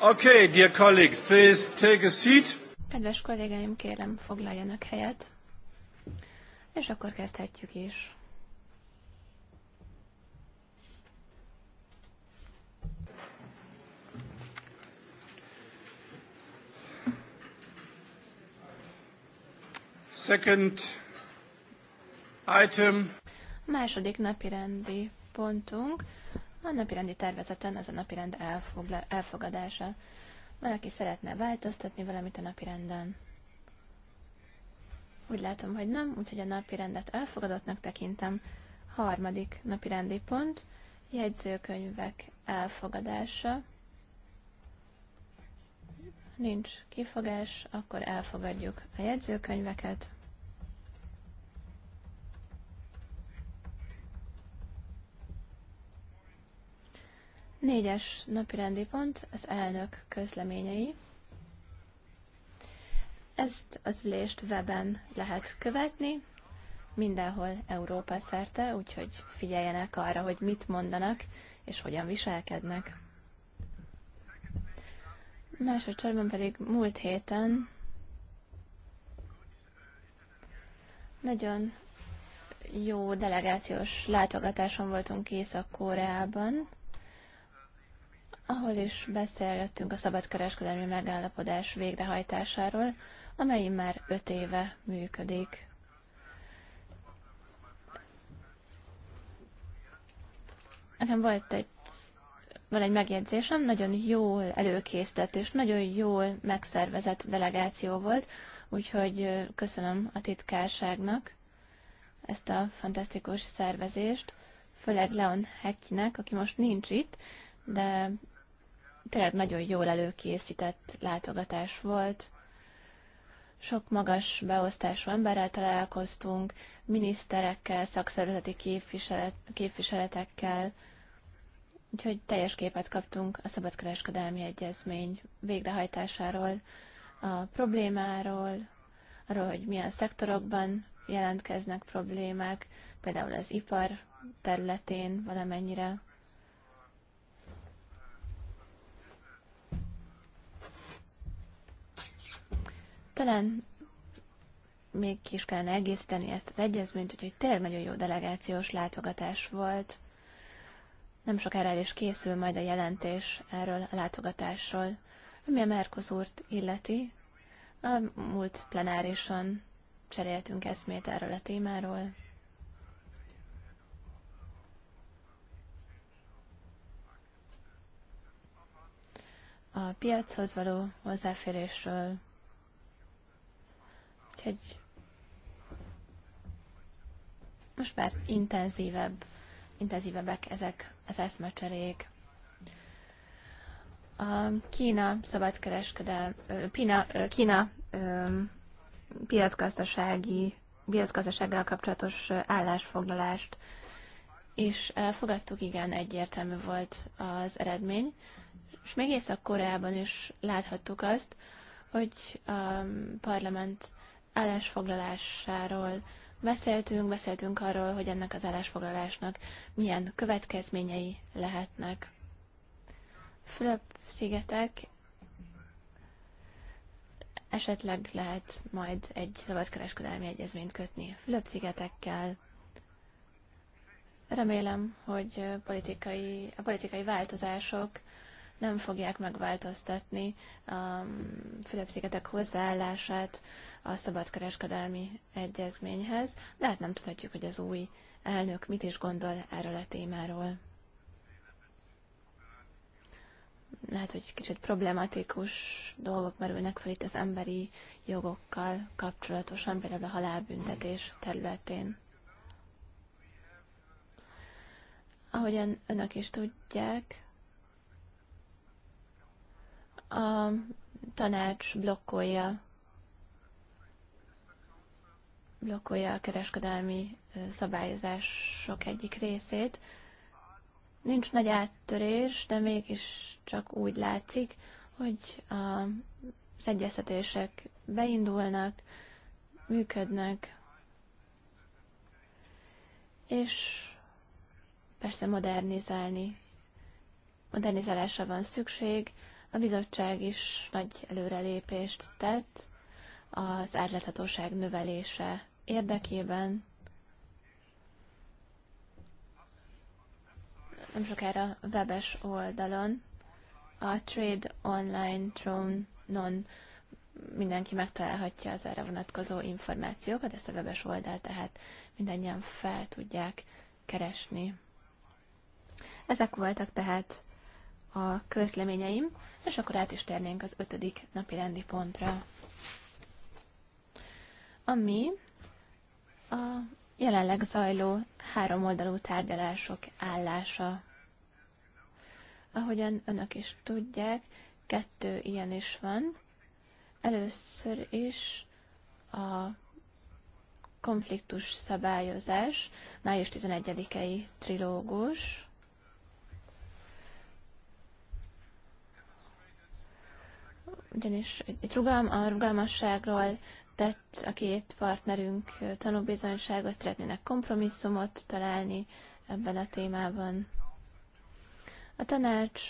Okay, dear colleagues, please take a seat. Kedves kollégáim, kérem, foglaljanak helyet. És akkor kezdhetjük is. Second item. Második napi rendi pontunk a napirendi tervezeten az a napirend elfogla, elfogadása. Valaki szeretne változtatni valamit a napirenden? Úgy látom, hogy nem, úgyhogy a napirendet elfogadottnak tekintem. Harmadik napirendi pont, jegyzőkönyvek elfogadása. Nincs kifogás, akkor elfogadjuk a jegyzőkönyveket. Négyes napirendi pont az elnök közleményei. Ezt az ülést weben lehet követni, mindenhol Európa szerte, úgyhogy figyeljenek arra, hogy mit mondanak és hogyan viselkednek. Másodszorban pedig múlt héten nagyon jó delegációs látogatáson voltunk Észak-Koreában, ahol is beszélgettünk a szabadkereskedelmi megállapodás végrehajtásáról, amely már öt éve működik. Nekem volt egy, van egy megjegyzésem, nagyon jól előkészített és nagyon jól megszervezett delegáció volt, úgyhogy köszönöm a titkárságnak ezt a fantasztikus szervezést, főleg Leon Hekkinek, aki most nincs itt, de tényleg nagyon jól előkészített látogatás volt. Sok magas beosztású emberrel találkoztunk, miniszterekkel, szakszervezeti képviselet, képviseletekkel, úgyhogy teljes képet kaptunk a szabadkereskedelmi egyezmény végrehajtásáról, a problémáról, arról, hogy milyen szektorokban jelentkeznek problémák, például az ipar területén valamennyire. Talán még is kellene egészíteni ezt az egyezményt, úgyhogy tényleg nagyon jó delegációs látogatás volt. Nem sokára el is készül majd a jelentés erről a látogatásról, ami a Mercosurt illeti. A múlt plenárison cseréltünk eszmét erről a témáról. A piachoz való hozzáférésről egy most már intenzívebb, intenzívebbek ezek az eszmecserék. A Kína szabadkereskedel, Pina, Kína piacgazdasági, piacgazdasággal kapcsolatos állásfoglalást és elfogadtuk, igen, egyértelmű volt az eredmény. És még Észak-Koreában is láthattuk azt, hogy a parlament állásfoglalásáról beszéltünk, beszéltünk arról, hogy ennek az állásfoglalásnak milyen következményei lehetnek. Fülöp-szigetek esetleg lehet majd egy szabadkereskedelmi egyezményt kötni Fülöp-szigetekkel. Remélem, hogy politikai, a politikai változások nem fogják megváltoztatni a Fülöp-szigetek hozzáállását a szabadkereskedelmi egyezményhez, de hát nem tudhatjuk, hogy az új elnök mit is gondol erről a témáról. Lehet, hogy kicsit problematikus dolgok merülnek fel itt az emberi jogokkal kapcsolatosan, például a halálbüntetés területén. Ahogyan önök is tudják, a tanács blokkolja blokkolja a kereskedelmi szabályozások egyik részét. Nincs nagy áttörés, de mégis csak úgy látszik, hogy az egyeztetések beindulnak, működnek, és persze modernizálni. Modernizálásra van szükség, a bizottság is nagy előrelépést tett az átláthatóság növelése érdekében. Nem sokára webes oldalon a Trade Online Drone Non mindenki megtalálhatja az erre vonatkozó információkat, ezt a webes oldal, tehát mindannyian fel tudják keresni. Ezek voltak tehát a közleményeim, és akkor át is térnénk az ötödik napi rendi pontra, ami a jelenleg zajló háromoldalú tárgyalások állása. Ahogyan önök is tudják, kettő ilyen is van. Először is a konfliktus szabályozás, május 11-i trilógus, ugyanis itt rugalm, a rugalmasságról tett a két partnerünk tanúbizonyságot, szeretnének kompromisszumot találni ebben a témában. A tanács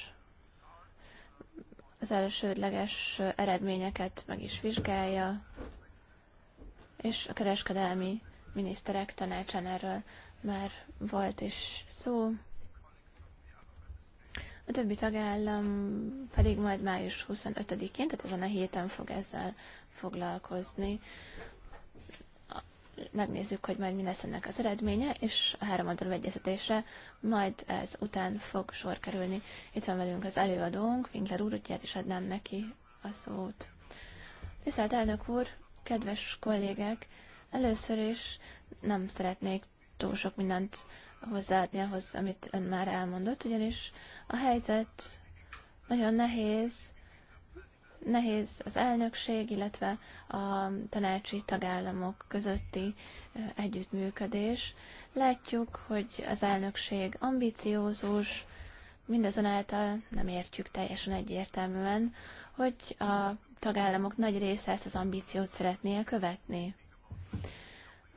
az elsődleges eredményeket meg is vizsgálja, és a kereskedelmi miniszterek tanácsán erről már volt is szó a többi tagállam pedig majd május 25-én, tehát ezen a héten fog ezzel foglalkozni. Megnézzük, hogy majd mi lesz ennek az eredménye, és a három oldalú egyeztetésre majd ez után fog sor kerülni. Itt van velünk az előadónk, Winkler úr, úgyhogy hát is adnám neki a szót. Tisztelt elnök úr, kedves kollégek, először is nem szeretnék túl sok mindent hozzáadni ahhoz, amit ön már elmondott, ugyanis a helyzet nagyon nehéz, nehéz az elnökség, illetve a tanácsi tagállamok közötti együttműködés. Látjuk, hogy az elnökség ambiciózus, mindazonáltal nem értjük teljesen egyértelműen, hogy a tagállamok nagy része ezt az ambíciót szeretné követni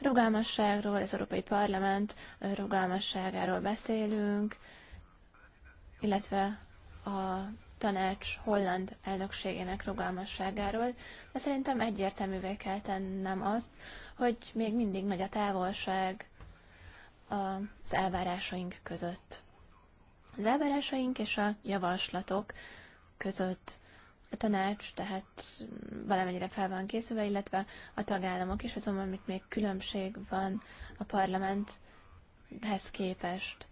rugalmasságról, az Európai Parlament rugalmasságáról beszélünk, illetve a tanács holland elnökségének rugalmasságáról, de szerintem egyértelművé kell tennem azt, hogy még mindig nagy a távolság az elvárásaink között. Az elvárásaink és a javaslatok között a tanács tehát valamennyire fel van készülve, illetve a tagállamok is, azonban amit még különbség van a parlamenthez képest.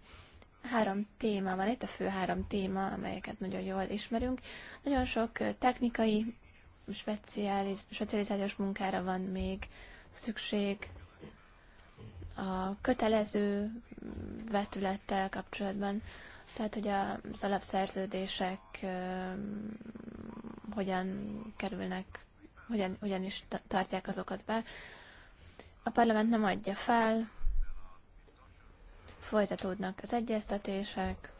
Három téma van itt, a fő három téma, amelyeket nagyon jól ismerünk. Nagyon sok technikai, speciális, specializációs munkára van még szükség a kötelező vetülettel kapcsolatban. Tehát, hogy az alapszerződések hogyan kerülnek, hogyan, hogyan is tartják azokat be. A parlament nem adja fel, folytatódnak az egyeztetések,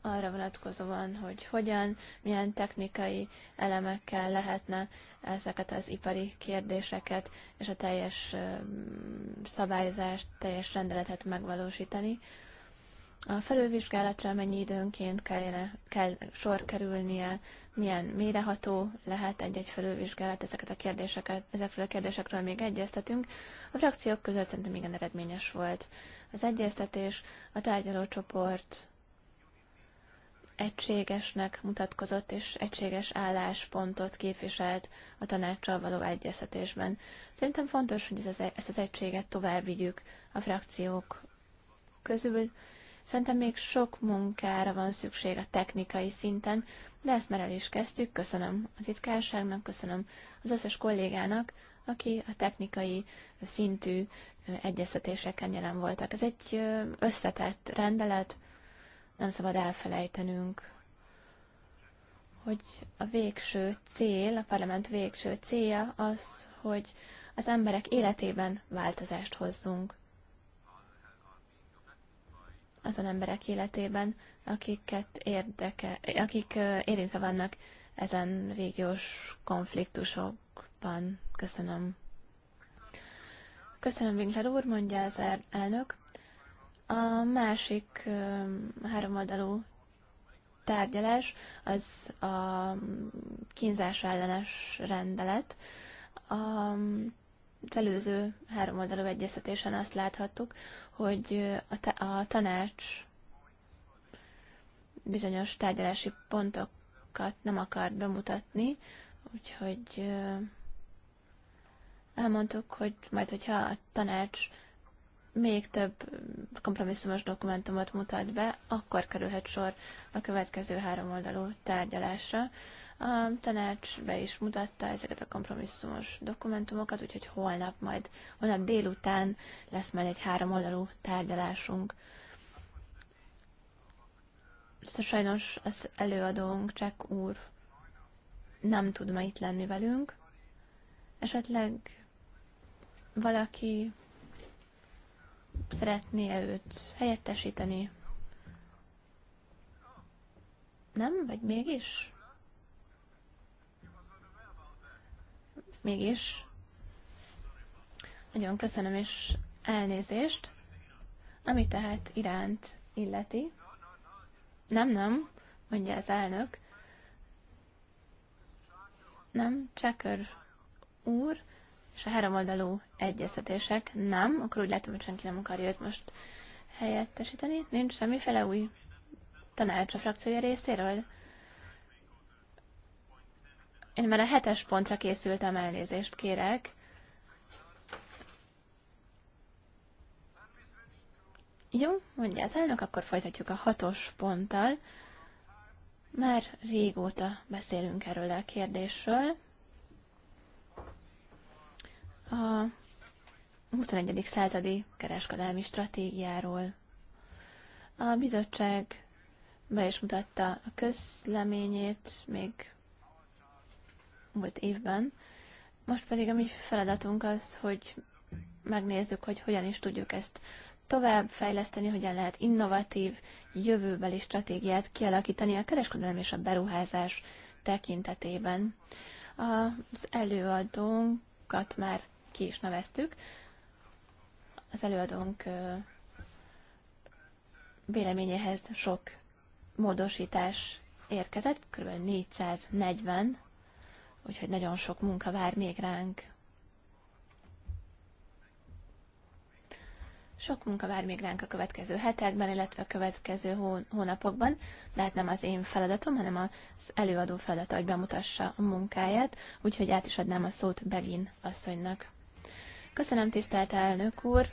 arra vonatkozóan, hogy hogyan, milyen technikai elemekkel lehetne ezeket az ipari kérdéseket és a teljes szabályozást, teljes rendeletet megvalósítani a felülvizsgálatra mennyi időnként kellene, kell sor kerülnie, milyen méreható lehet egy-egy felülvizsgálat, ezeket a kérdéseket, ezekről a kérdésekről még egyeztetünk. A frakciók között szerintem igen eredményes volt. Az egyeztetés a tárgyalócsoport egységesnek mutatkozott, és egységes álláspontot képviselt a tanácssal való egyeztetésben. Szerintem fontos, hogy e- ezt az egységet tovább vigyük a frakciók közül, Szerintem még sok munkára van szükség a technikai szinten, de ezt már el is kezdtük. Köszönöm a titkárságnak, köszönöm az összes kollégának, aki a technikai szintű egyeztetéseken jelen voltak. Ez egy összetett rendelet, nem szabad elfelejtenünk, hogy a végső cél, a parlament végső célja az, hogy az emberek életében változást hozzunk azon emberek életében, akiket érdeke, akik érintve vannak ezen régiós konfliktusokban. Köszönöm. Köszönöm, Winkler úr, mondja az elnök. A másik háromoldalú tárgyalás az a kínzás ellenes rendelet. A az előző háromoldalú egyeztetésen azt láthattuk, hogy a, ta- a tanács bizonyos tárgyalási pontokat nem akar bemutatni, úgyhogy elmondtuk, hogy majd, hogyha a tanács még több kompromisszumos dokumentumot mutat be, akkor kerülhet sor a következő három oldalú tárgyalásra. A tanács be is mutatta ezeket a kompromisszumos dokumentumokat, úgyhogy holnap majd, holnap délután lesz majd egy három oldalú tárgyalásunk. Szóval sajnos az előadónk, Csak úr, nem tud ma itt lenni velünk. Esetleg valaki szeretné őt helyettesíteni? Nem? Vagy mégis? Mégis nagyon köszönöm és elnézést, ami tehát iránt illeti. Nem, nem, mondja az elnök. Nem, Csakör úr, és a háromoldalú egyeztetések nem, akkor úgy látom, hogy senki nem akarja őt most helyettesíteni. Nincs semmiféle új tanács a frakciója részéről. Én már a hetes pontra készültem, elnézést kérek. Jó, mondja az elnök, akkor folytatjuk a hatos ponttal. Már régóta beszélünk erről a kérdésről. A 21. századi kereskedelmi stratégiáról. A bizottság be is mutatta a közleményét még múlt évben. Most pedig a mi feladatunk az, hogy megnézzük, hogy hogyan is tudjuk ezt tovább fejleszteni, hogyan lehet innovatív, jövőbeli stratégiát kialakítani a kereskedelem és a beruházás tekintetében. Az előadónkat már ki is neveztük. Az előadónk véleményéhez sok módosítás érkezett, kb. 440 úgyhogy nagyon sok munka vár még ránk. Sok munka vár még ránk a következő hetekben, illetve a következő hónapokban, de hát nem az én feladatom, hanem az előadó feladata, hogy bemutassa a munkáját, úgyhogy át is adnám a szót Begin asszonynak. Köszönöm, tisztelt elnök úr!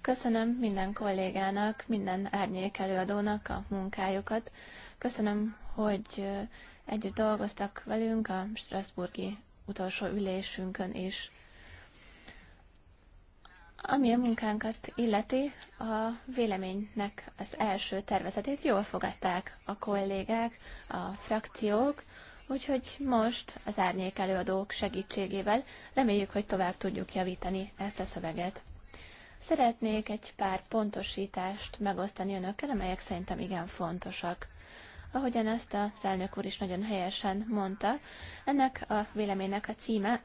Köszönöm minden kollégának, minden árnyék előadónak a munkájukat. Köszönöm, hogy Együtt dolgoztak velünk a Strasburgi utolsó ülésünkön is. Ami a munkánkat illeti, a véleménynek az első tervezetét jól fogadták a kollégák, a frakciók, úgyhogy most az árnyék előadók segítségével reméljük, hogy tovább tudjuk javítani ezt a szöveget. Szeretnék egy pár pontosítást megosztani önökkel, amelyek szerintem igen fontosak. Ahogyan ezt a elnök úr is nagyon helyesen mondta, ennek a véleménynek a címe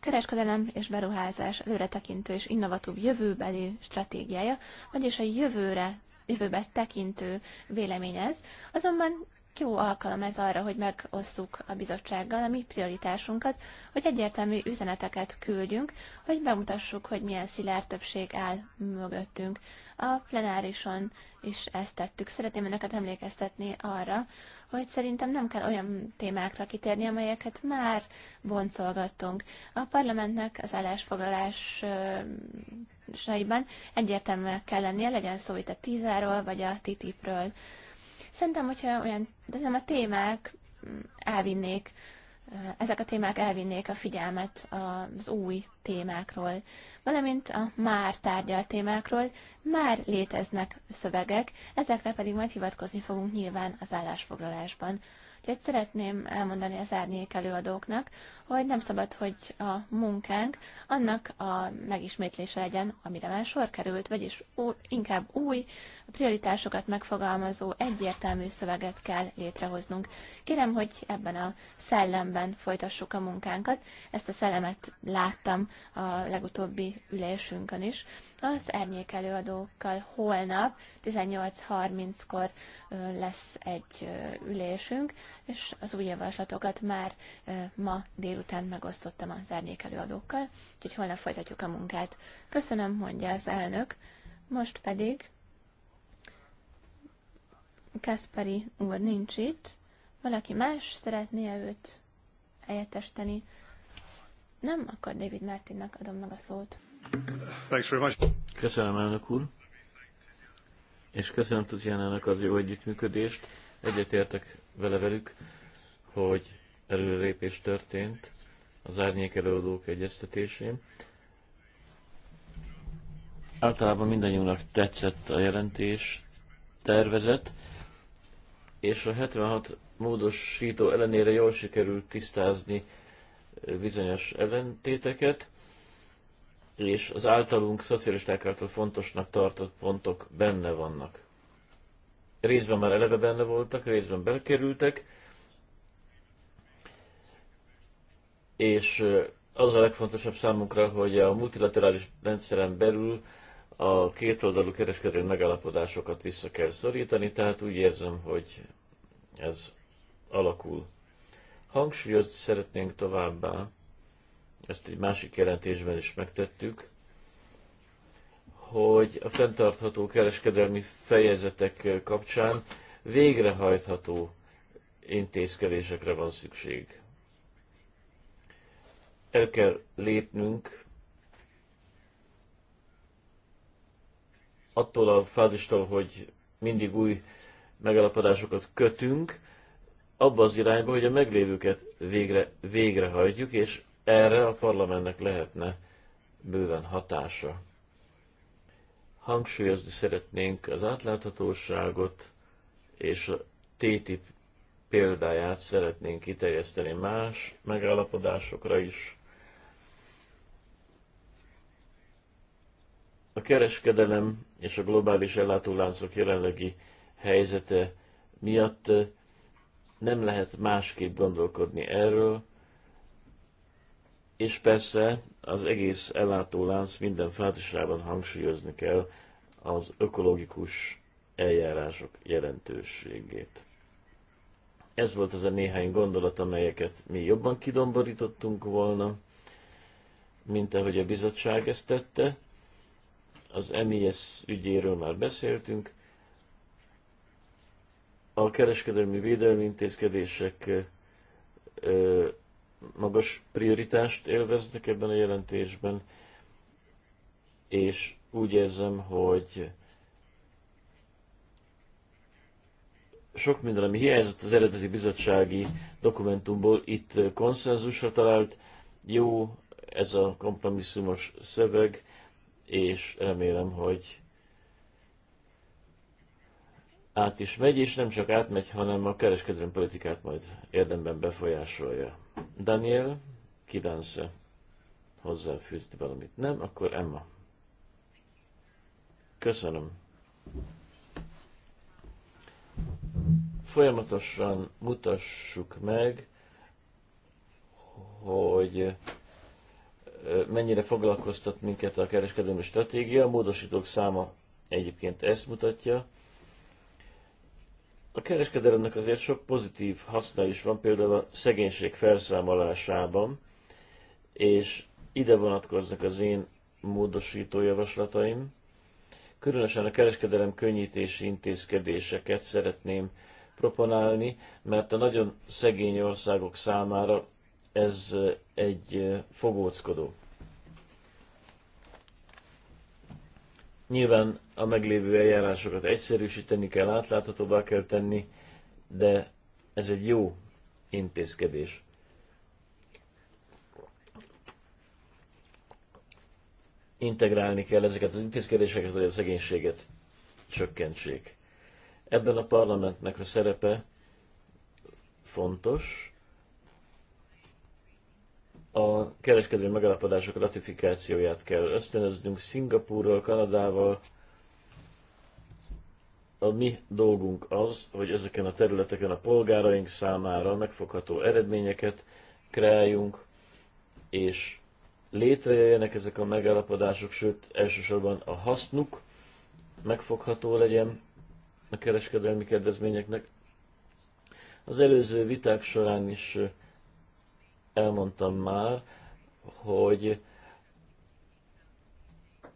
kereskedelem és beruházás előretekintő és innovatív jövőbeli stratégiája, vagyis a jövőre jövőbe tekintő véleményez, azonban jó alkalom ez arra, hogy megosszuk a bizottsággal a mi prioritásunkat, hogy egyértelmű üzeneteket küldjünk, hogy bemutassuk, hogy milyen szilárd többség áll mögöttünk. A plenárison is ezt tettük. Szeretném önöket emlékeztetni arra, hogy szerintem nem kell olyan témákra kitérni, amelyeket már boncolgattunk. A parlamentnek az állásfoglalásaiban egyértelműen kell lennie, legyen szó itt a tízáról vagy a TTIP-ről Szerintem, hogyha olyan, de nem a témák mm, elvinnék, eh, ezek a témák elvinnék a figyelmet az új témákról, valamint a már tárgyalt témákról már léteznek szövegek, ezekre pedig majd hivatkozni fogunk nyilván az állásfoglalásban. Úgyhogy szeretném elmondani az árnyék előadóknak, hogy nem szabad, hogy a munkánk annak a megismétlése legyen, amire már sor került, vagyis inkább új, prioritásokat megfogalmazó, egyértelmű szöveget kell létrehoznunk. Kérem, hogy ebben a szellemben folytassuk a munkánkat. Ezt a szellemet láttam a legutóbbi ülésünkön is. Az árnyék előadókkal holnap 18.30-kor lesz egy ülésünk, és az új javaslatokat már ma délután megosztottam az árnyék előadókkal, úgyhogy holnap folytatjuk a munkát. Köszönöm, mondja az elnök. Most pedig Kaspari úr nincs itt. Valaki más szeretné -e őt helyettesteni? Nem, akkor David Martinnak adom meg a szót. Köszönöm, elnök úr. És köszönöm Tutjánának az jó együttműködést. Egyetértek vele velük, hogy előrépés történt az árnyék előadók egyeztetésén. Általában mindannyiunknak tetszett a jelentés tervezet, és a 76 módosító ellenére jól sikerült tisztázni bizonyos ellentéteket és az általunk szocialisták által fontosnak tartott pontok benne vannak. Részben már eleve benne voltak, részben belekerültek, és az a legfontosabb számunkra, hogy a multilaterális rendszeren belül a kétoldalú kereskedelmi megállapodásokat vissza kell szorítani, tehát úgy érzem, hogy ez alakul. Hangsúlyozni szeretnénk továbbá, ezt egy másik jelentésben is megtettük, hogy a fenntartható kereskedelmi fejezetek kapcsán végrehajtható intézkedésekre van szükség. El kell lépnünk attól a fázistól, hogy mindig új megalapodásokat kötünk, abba az irányba, hogy a meglévőket végre, végrehajtjuk, és erre a parlamentnek lehetne bőven hatása. Hangsúlyozni szeretnénk az átláthatóságot, és a TTIP példáját szeretnénk kiterjeszteni más megállapodásokra is. A kereskedelem és a globális ellátóláncok jelenlegi helyzete miatt nem lehet másképp gondolkodni erről, és persze az egész ellátólánc minden fázisában hangsúlyozni kell az ökológikus eljárások jelentőségét. Ez volt az a néhány gondolat, amelyeket mi jobban kidomborítottunk volna, mint ahogy a bizottság ezt tette. Az MIS ügyéről már beszéltünk. A kereskedelmi védelmi intézkedések magas prioritást élveznek ebben a jelentésben, és úgy érzem, hogy sok minden, ami hiányzott az eredeti bizottsági dokumentumból, itt konszenzusra talált. Jó ez a kompromisszumos szöveg, és remélem, hogy át is megy, és nem csak átmegy, hanem a kereskedelmi politikát majd érdemben befolyásolja. Daniel, kívánsz -e hozzáfűzni valamit? Nem? Akkor Emma. Köszönöm. Folyamatosan mutassuk meg, hogy mennyire foglalkoztat minket a kereskedelmi stratégia. A módosítók száma egyébként ezt mutatja. A kereskedelemnek azért sok pozitív haszna is van, például a szegénység felszámolásában, és ide vonatkoznak az én módosító javaslataim. Különösen a kereskedelem könnyítési intézkedéseket szeretném proponálni, mert a nagyon szegény országok számára ez egy fogóckodó. Nyilván a meglévő eljárásokat egyszerűsíteni kell, átláthatóbbá kell tenni, de ez egy jó intézkedés. Integrálni kell ezeket az intézkedéseket, hogy a szegénységet csökkentsék. Ebben a parlamentnek a szerepe fontos. A kereskedelmi megállapodások ratifikációját kell ösztönöznünk Szingapúrral, Kanadával, a mi dolgunk az, hogy ezeken a területeken a polgáraink számára megfogható eredményeket kreáljunk, és létrejöjjenek ezek a megállapodások, sőt, elsősorban a hasznuk megfogható legyen a kereskedelmi kedvezményeknek. Az előző viták során is elmondtam már, hogy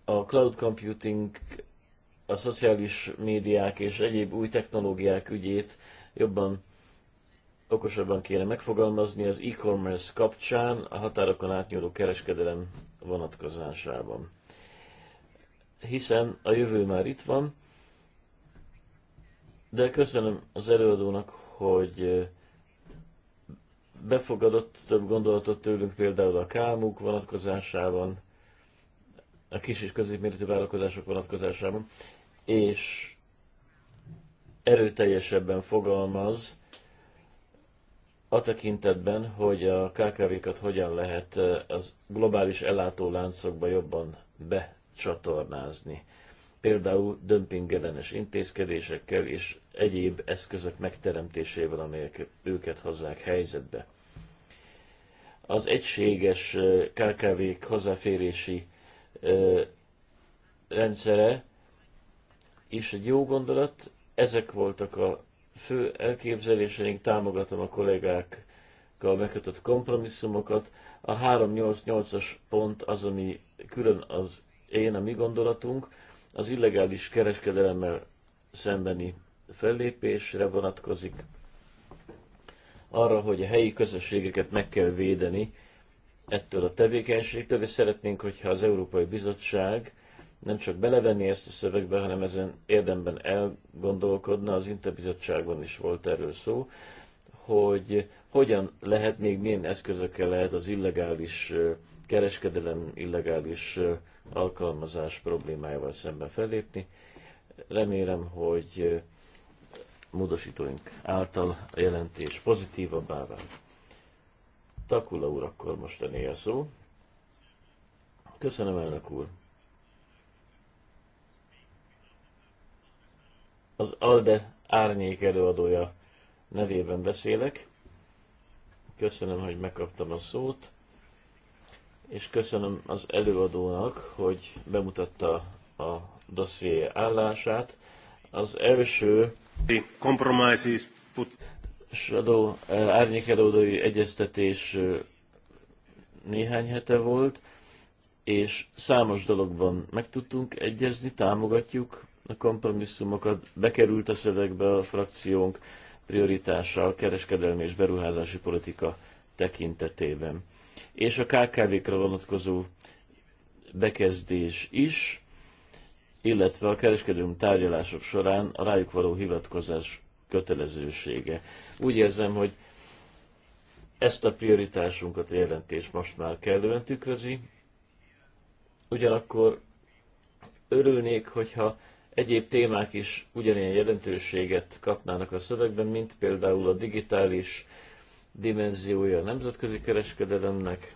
a cloud computing a szociális médiák és egyéb új technológiák ügyét jobban, okosabban kéne megfogalmazni az e-commerce kapcsán a határokon átnyúló kereskedelem vonatkozásában. Hiszen a jövő már itt van, de köszönöm az előadónak, hogy befogadott több gondolatot tőlünk például a kámuk vonatkozásában, a kis és középméretű vállalkozások vonatkozásában, és erőteljesebben fogalmaz a tekintetben, hogy a KKV-kat hogyan lehet az globális ellátó láncokba jobban becsatornázni. Például dömpingellenes intézkedésekkel és egyéb eszközök megteremtésével, amelyek őket hozzák helyzetbe. Az egységes KKV-k hozzáférési rendszere és egy jó gondolat. Ezek voltak a fő elképzeléseink, támogatom a kollégákkal megkötött kompromisszumokat. A 388-as pont az, ami külön az én, a mi gondolatunk, az illegális kereskedelemmel szembeni fellépésre vonatkozik, arra, hogy a helyi közösségeket meg kell védeni ettől a tevékenységtől, és szeretnénk, hogyha az Európai Bizottság nem csak belevenni ezt a szövegbe, hanem ezen érdemben elgondolkodna, az Interbizottságban is volt erről szó, hogy hogyan lehet, még milyen eszközökkel lehet az illegális kereskedelem, illegális alkalmazás problémájával szemben fellépni. Remélem, hogy módosítóink által a jelentés pozitívabbá vált. Takula úr akkor most a szó. Köszönöm, elnök úr. Az ALDE árnyék előadója nevében beszélek. Köszönöm, hogy megkaptam a szót, és köszönöm az előadónak, hogy bemutatta a dosszié állását. Az első compromises Eh, árnyék eladói egyeztetés eh, néhány hete volt, és számos dologban meg tudtunk egyezni, támogatjuk a kompromisszumokat, bekerült a szövegbe a frakciónk prioritása a kereskedelmi és beruházási politika tekintetében. És a KKV-kra vonatkozó bekezdés is, illetve a kereskedelmi tárgyalások során a rájuk való hivatkozás kötelezősége. Úgy érzem, hogy ezt a prioritásunkat a jelentés most már kellően tükrözi, ugyanakkor örülnék, hogyha egyéb témák is ugyanilyen jelentőséget kapnának a szövegben, mint például a digitális dimenziója a nemzetközi kereskedelemnek,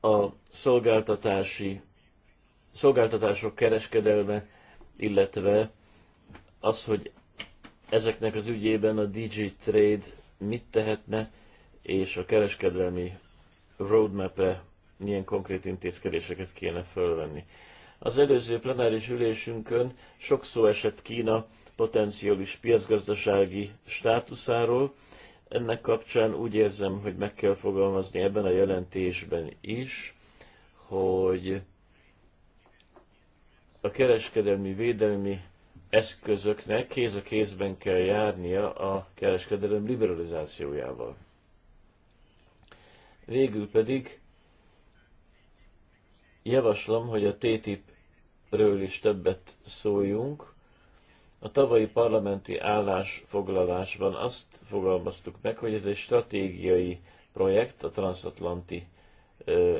a szolgáltatási szolgáltatások kereskedelme illetve az, hogy ezeknek az ügyében a DJ Trade mit tehetne, és a kereskedelmi roadmapre milyen konkrét intézkedéseket kéne fölvenni. Az előző plenáris ülésünkön sok szó esett Kína potenciális piacgazdasági státuszáról. Ennek kapcsán úgy érzem, hogy meg kell fogalmazni ebben a jelentésben is, hogy a kereskedelmi védelmi eszközöknek kéz a kézben kell járnia a kereskedelem liberalizációjával. Végül pedig javaslom, hogy a TTIP-ről is többet szóljunk. A tavalyi parlamenti állásfoglalásban azt fogalmaztuk meg, hogy ez egy stratégiai projekt a transatlanti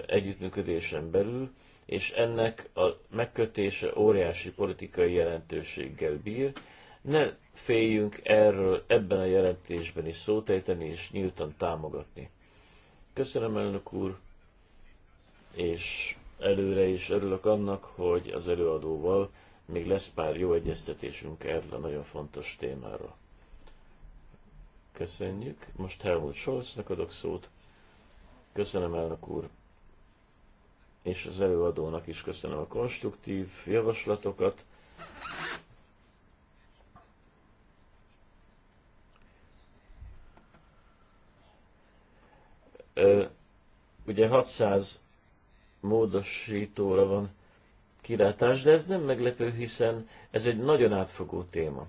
együttműködésen belül, és ennek a megkötése óriási politikai jelentőséggel bír. Ne féljünk erről ebben a jelentésben is szótejteni és nyíltan támogatni. Köszönöm, elnök úr, és előre is örülök annak, hogy az előadóval még lesz pár jó egyeztetésünk erről a nagyon fontos témáról. Köszönjük. Most Helmut Scholznak adok szót. Köszönöm, elnök úr és az előadónak is köszönöm a konstruktív javaslatokat. Ugye 600 módosítóra van kilátás, de ez nem meglepő, hiszen ez egy nagyon átfogó téma.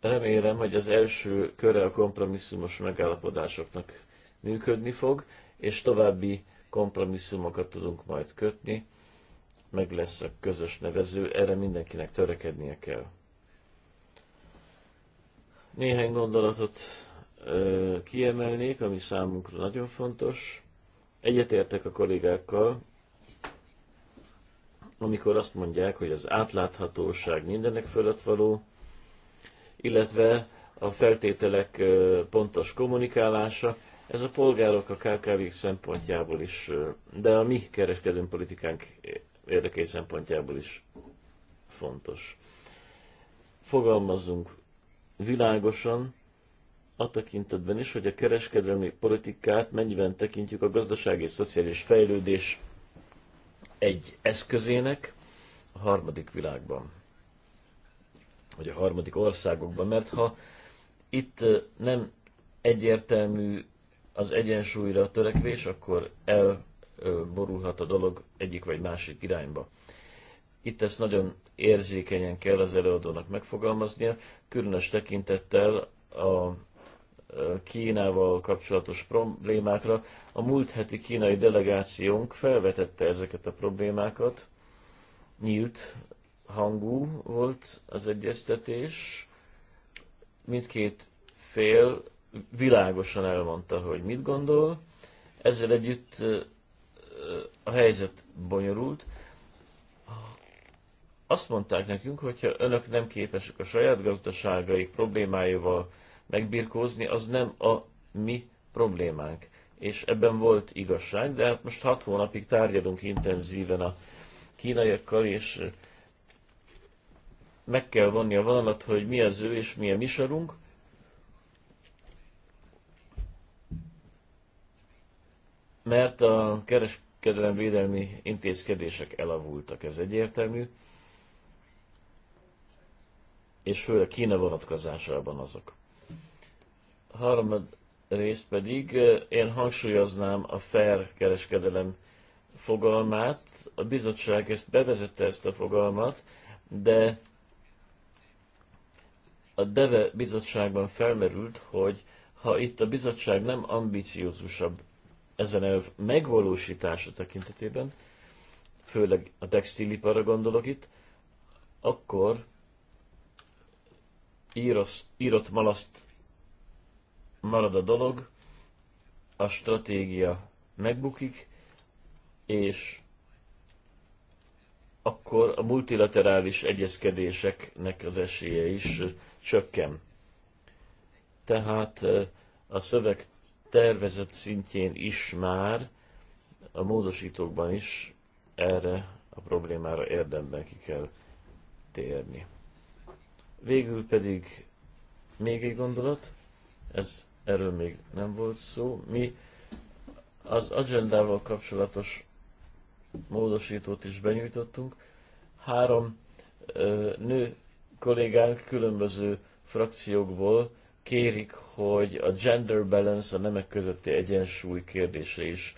Remélem, hogy az első köre a kompromisszumos megállapodásoknak működni fog, és további kompromisszumokat tudunk majd kötni. Meg lesz a közös nevező, erre mindenkinek törekednie kell. Néhány gondolatot ö, kiemelnék, ami számunkra nagyon fontos. Egyetértek a kollégákkal, amikor azt mondják, hogy az átláthatóság mindenek fölött való, illetve a feltételek pontos kommunikálása, ez a polgárok a kkv szempontjából is, de a mi kereskedőn politikánk érdekei szempontjából is fontos. Fogalmazzunk világosan, a tekintetben is, hogy a kereskedelmi politikát mennyiben tekintjük a gazdasági és szociális fejlődés egy eszközének a harmadik világban, vagy a harmadik országokban, mert ha itt nem egyértelmű az egyensúlyra a törekvés, akkor elborulhat a dolog egyik vagy másik irányba. Itt ezt nagyon érzékenyen kell az előadónak megfogalmaznia, különös tekintettel a Kínával kapcsolatos problémákra. A múlt heti kínai delegációnk felvetette ezeket a problémákat, nyílt hangú volt az egyeztetés, mindkét fél világosan elmondta, hogy mit gondol. Ezzel együtt a helyzet bonyolult. Azt mondták nekünk, hogyha önök nem képesek a saját gazdaságaik problémáival megbirkózni, az nem a mi problémánk. És ebben volt igazság, de hát most hat hónapig tárgyalunk intenzíven a kínaiakkal, és meg kell vonni a vonalat, hogy mi az ő és mi a mi mert a védelmi intézkedések elavultak, ez egyértelmű, és főleg Kína vonatkozásában azok. Harmad rész pedig én hangsúlyoznám a fair kereskedelem fogalmát. A bizottság ezt bevezette ezt a fogalmat, de a DEVE bizottságban felmerült, hogy ha itt a bizottság nem ambiciózusabb ezen elv megvalósítása tekintetében, főleg a textiliparra gondolok itt, akkor íros, írott malaszt marad a dolog, a stratégia megbukik, és akkor a multilaterális egyezkedéseknek az esélye is csökken. Tehát a szöveg tervezet szintjén is már, a módosítókban is erre a problémára érdemben ki kell térni. Végül pedig még egy gondolat, ez erről még nem volt szó. Mi az agendával kapcsolatos módosítót is benyújtottunk. Három ö, nő kollégánk különböző frakciókból kérik, hogy a gender balance, a nemek közötti egyensúly kérdése is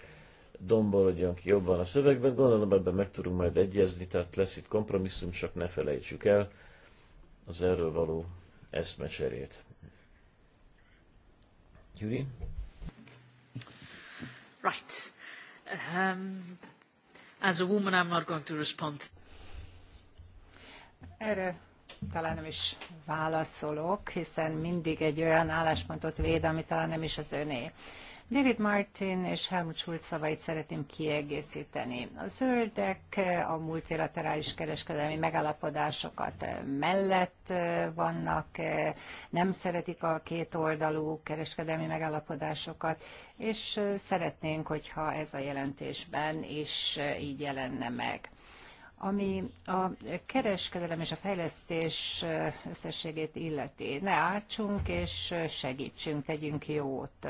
domborodjon ki jobban a szövegben. Gondolom ebben meg tudunk majd egyezni, tehát lesz itt kompromisszum, csak ne felejtsük el az erről való eszmecserét. Gyuri? Right. Um, as a woman, I'm not going to respond. Erre talán nem is válaszolok, hiszen mindig egy olyan álláspontot véd, ami talán nem is az öné. David Martin és Helmut Schulz szavait szeretném kiegészíteni. A zöldek a multilaterális kereskedelmi megállapodásokat mellett vannak, nem szeretik a kétoldalú kereskedelmi megállapodásokat, és szeretnénk, hogyha ez a jelentésben is így jelenne meg ami a kereskedelem és a fejlesztés összességét illeti. Ne ártsunk és segítsünk, tegyünk jót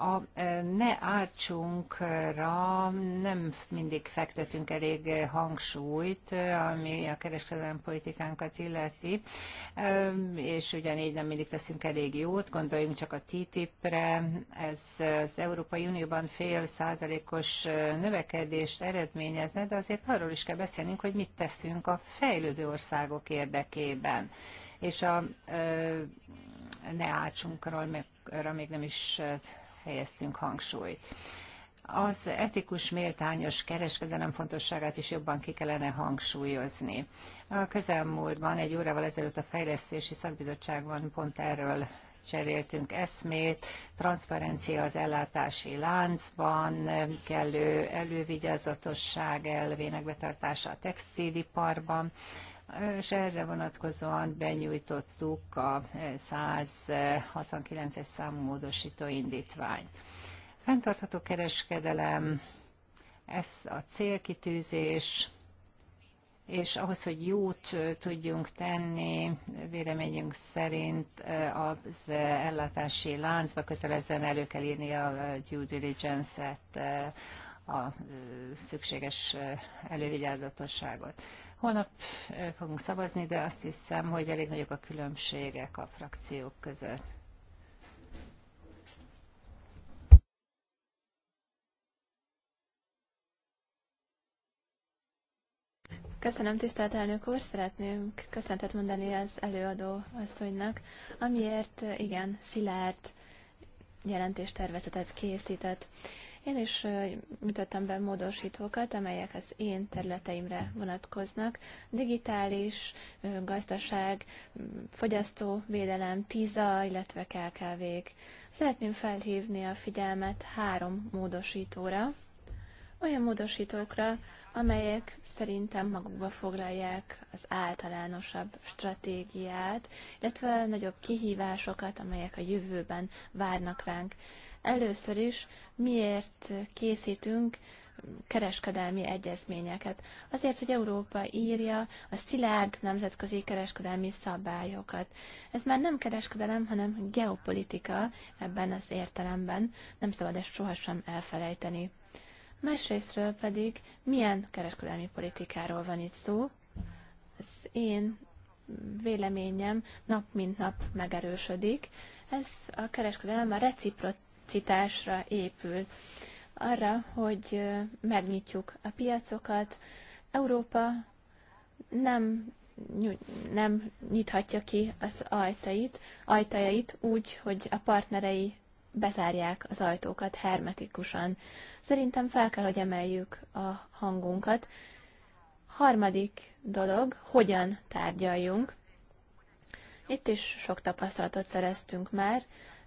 a e, ne árcsunkra nem mindig fektetünk elég hangsúlyt, ami a kereskedelmi politikánkat illeti, e, és ugyanígy nem mindig teszünk elég jót, gondoljunk csak a TTIP-re, ez az Európai Unióban fél százalékos e, növekedést eredményezne, de azért arról is kell beszélnünk, hogy mit teszünk a fejlődő országok érdekében. És a ne ácsunkról még nem is helyeztünk hangsúlyt. Az etikus, méltányos kereskedelem fontosságát is jobban ki kellene hangsúlyozni. A közelmúltban, egy órával ezelőtt a Fejlesztési Szakbizottságban pont erről cseréltünk eszmét, transzparencia az ellátási láncban, kellő elővigyázatosság elvének betartása a textiliparban, és erre vonatkozóan benyújtottuk a 169-es számú módosító indítványt. Fentartható kereskedelem, ez a célkitűzés, és ahhoz, hogy jót tudjunk tenni, véleményünk szerint az ellátási láncba kötelezően elő kell írni a due diligence-et, a szükséges elővigyázatosságot. Holnap fogunk szavazni, de azt hiszem, hogy elég nagyok a különbségek a frakciók között. Köszönöm, tisztelt elnök úr! Szeretném köszöntet mondani az előadó asszonynak, amiért igen, szilárd jelentéstervezetet készített. Én is mutattam be módosítókat, amelyek az én területeimre vonatkoznak. Digitális, gazdaság, fogyasztóvédelem, TISA, illetve KKV-k. Szeretném felhívni a figyelmet három módosítóra, olyan módosítókra, amelyek szerintem magukba foglalják az általánosabb stratégiát, illetve nagyobb kihívásokat, amelyek a jövőben várnak ránk. Először is miért készítünk kereskedelmi egyezményeket. Azért, hogy Európa írja a szilárd nemzetközi kereskedelmi szabályokat. Ez már nem kereskedelem, hanem geopolitika ebben az értelemben. Nem szabad ezt sohasem elfelejteni. Másrésztről pedig milyen kereskedelmi politikáról van itt szó. Az én véleményem nap mint nap megerősödik. Ez a kereskedelem a reciprot kapacitásra épül, arra, hogy megnyitjuk a piacokat. Európa nem nem nyithatja ki az ajtait, ajtajait úgy, hogy a partnerei bezárják az ajtókat hermetikusan. Szerintem fel kell, hogy emeljük a hangunkat. Harmadik dolog, hogyan tárgyaljunk. Itt is sok tapasztalatot szereztünk már.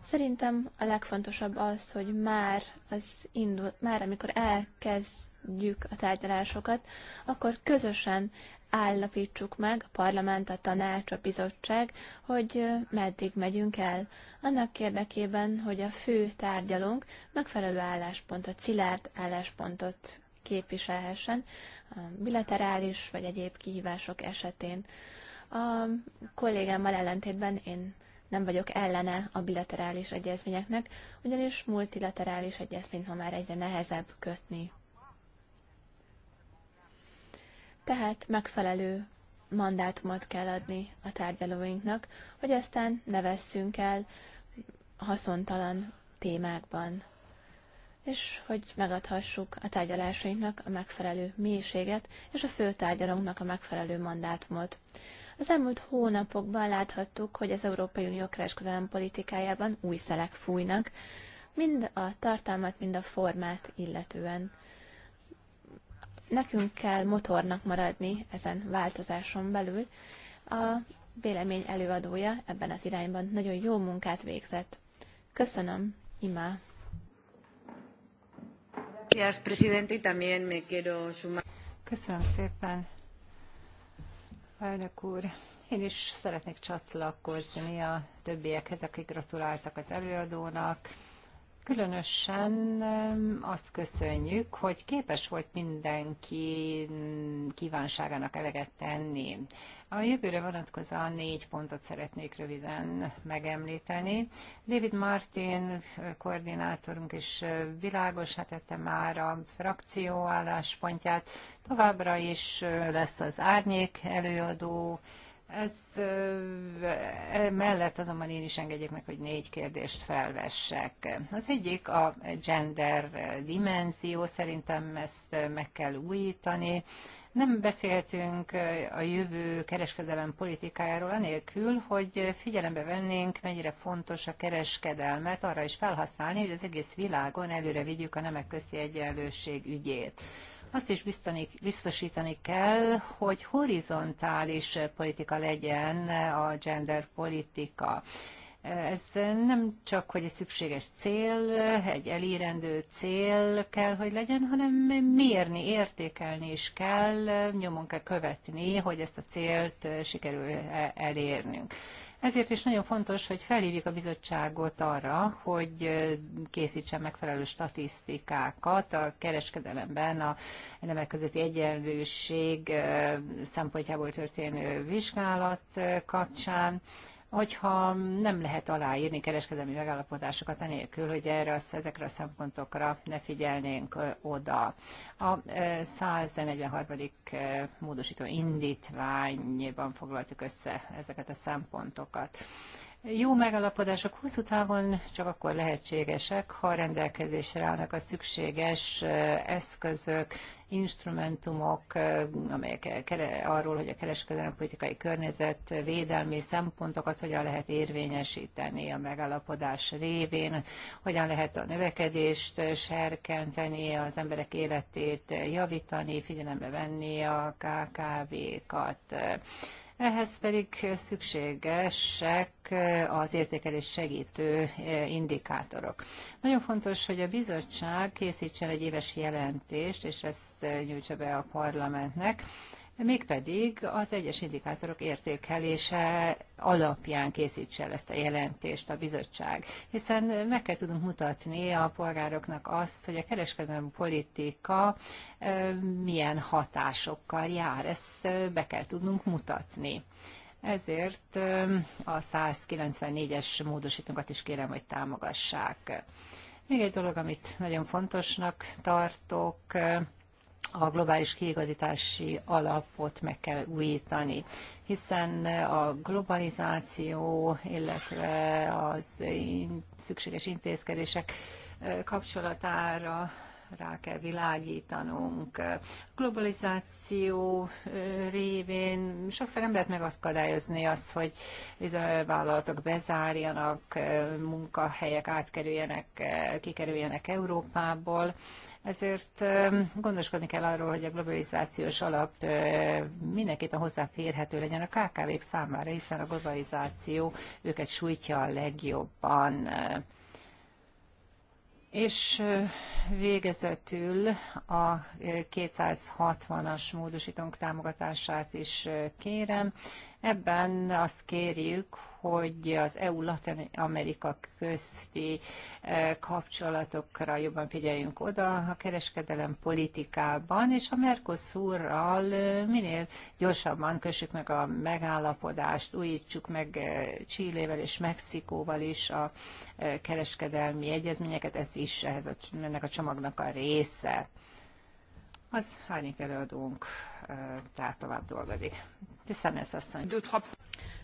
Szerintem a legfontosabb az, hogy már, az indul, már amikor elkezdjük a tárgyalásokat, akkor közösen állapítsuk meg a parlament, a tanács, a bizottság, hogy meddig megyünk el. Annak érdekében, hogy a fő tárgyalónk megfelelő álláspontot, szilárd álláspontot képviselhessen bilaterális vagy egyéb kihívások esetén. A kollégámmal ellentétben én nem vagyok ellene a bilaterális egyezményeknek, ugyanis multilaterális egyezményt ma már egyre nehezebb kötni. Tehát megfelelő mandátumot kell adni a tárgyalóinknak, hogy aztán ne vesszünk el haszontalan témákban, és hogy megadhassuk a tárgyalásainknak a megfelelő mélységet és a fő tárgyalónknak a megfelelő mandátumot. Az elmúlt hónapokban láthattuk, hogy az Európai Unió kereskedelmi politikájában új szelek fújnak, mind a tartalmat, mind a formát illetően. Nekünk kell motornak maradni ezen változáson belül. A vélemény előadója ebben az irányban nagyon jó munkát végzett. Köszönöm, Imá. Köszönöm szépen, Elnök úr, én is szeretnék csatlakozni a többiekhez, akik gratuláltak az előadónak Különösen azt köszönjük, hogy képes volt mindenki kívánságának eleget tenni. A jövőre vonatkozóan négy pontot szeretnék röviden megemlíteni. David Martin koordinátorunk is világos, hetette már a frakció álláspontját. Továbbra is lesz az árnyék előadó ez e, mellett azonban én is engedjék meg, hogy négy kérdést felvessek. Az egyik a gender dimenzió, szerintem ezt meg kell újítani. Nem beszéltünk a jövő kereskedelem politikájáról anélkül, hogy figyelembe vennénk, mennyire fontos a kereskedelmet arra is felhasználni, hogy az egész világon előre vigyük a nemek közti egyenlőség ügyét azt is biztani, biztosítani kell, hogy horizontális politika legyen a gender politika. Ez nem csak, hogy egy szükséges cél, egy elírendő cél kell, hogy legyen, hanem mérni, értékelni is kell, nyomon kell követni, hogy ezt a célt sikerül elérnünk. Ezért is nagyon fontos, hogy felhívjuk a bizottságot arra, hogy készítsen megfelelő statisztikákat a kereskedelemben a nemek közötti egyenlőség szempontjából történő vizsgálat kapcsán, hogyha nem lehet aláírni kereskedelmi megállapodásokat anélkül, hogy erre, ezekre a szempontokra ne figyelnénk oda. A 143. módosító indítványban foglaltuk össze ezeket a szempontokat. Jó megalapodások hosszú távon csak akkor lehetségesek, ha rendelkezésre állnak a szükséges eszközök, instrumentumok, amelyek arról, hogy a kereskedelmi politikai környezet védelmi szempontokat hogyan lehet érvényesíteni a megalapodás révén, hogyan lehet a növekedést serkenteni, az emberek életét javítani, figyelembe venni a KKV-kat, ehhez pedig szükségesek az értékelés segítő eh, indikátorok. Nagyon fontos, hogy a bizottság készítsen egy éves jelentést, és ezt eh, nyújtsa be a parlamentnek, mégpedig az egyes indikátorok értékelése alapján készítse el ezt a jelentést a bizottság. Hiszen meg kell tudnunk mutatni a polgároknak azt, hogy a kereskedelmi politika milyen hatásokkal jár. Ezt be kell tudnunk mutatni. Ezért a 194-es módosítókat is kérem, hogy támogassák. Még egy dolog, amit nagyon fontosnak tartok, a globális kiigazítási alapot meg kell újítani, hiszen a globalizáció, illetve az szükséges intézkedések kapcsolatára rá kell világítanunk. A globalizáció révén sokszor nem lehet megakadályozni azt, hogy a vállalatok bezárjanak, munkahelyek átkerüljenek, kikerüljenek Európából. Ezért gondoskodni kell arról, hogy a globalizációs alap mindenképpen hozzáférhető legyen a KKV-k számára, hiszen a globalizáció őket sújtja a legjobban. És végezetül a 260-as módosítónk támogatását is kérem. Ebben azt kérjük, hogy az EU-Latin Amerika közti e, kapcsolatokra jobban figyeljünk oda a kereskedelem politikában, és a Mercosurral e, minél gyorsabban kössük meg a megállapodást, újítsuk meg e, Csillével és Mexikóval is a kereskedelmi egyezményeket, ez is ehhez a, ennek a csomagnak a része az árnyék előadónk tehát tovább dolgozik. Tisztán ez asszony.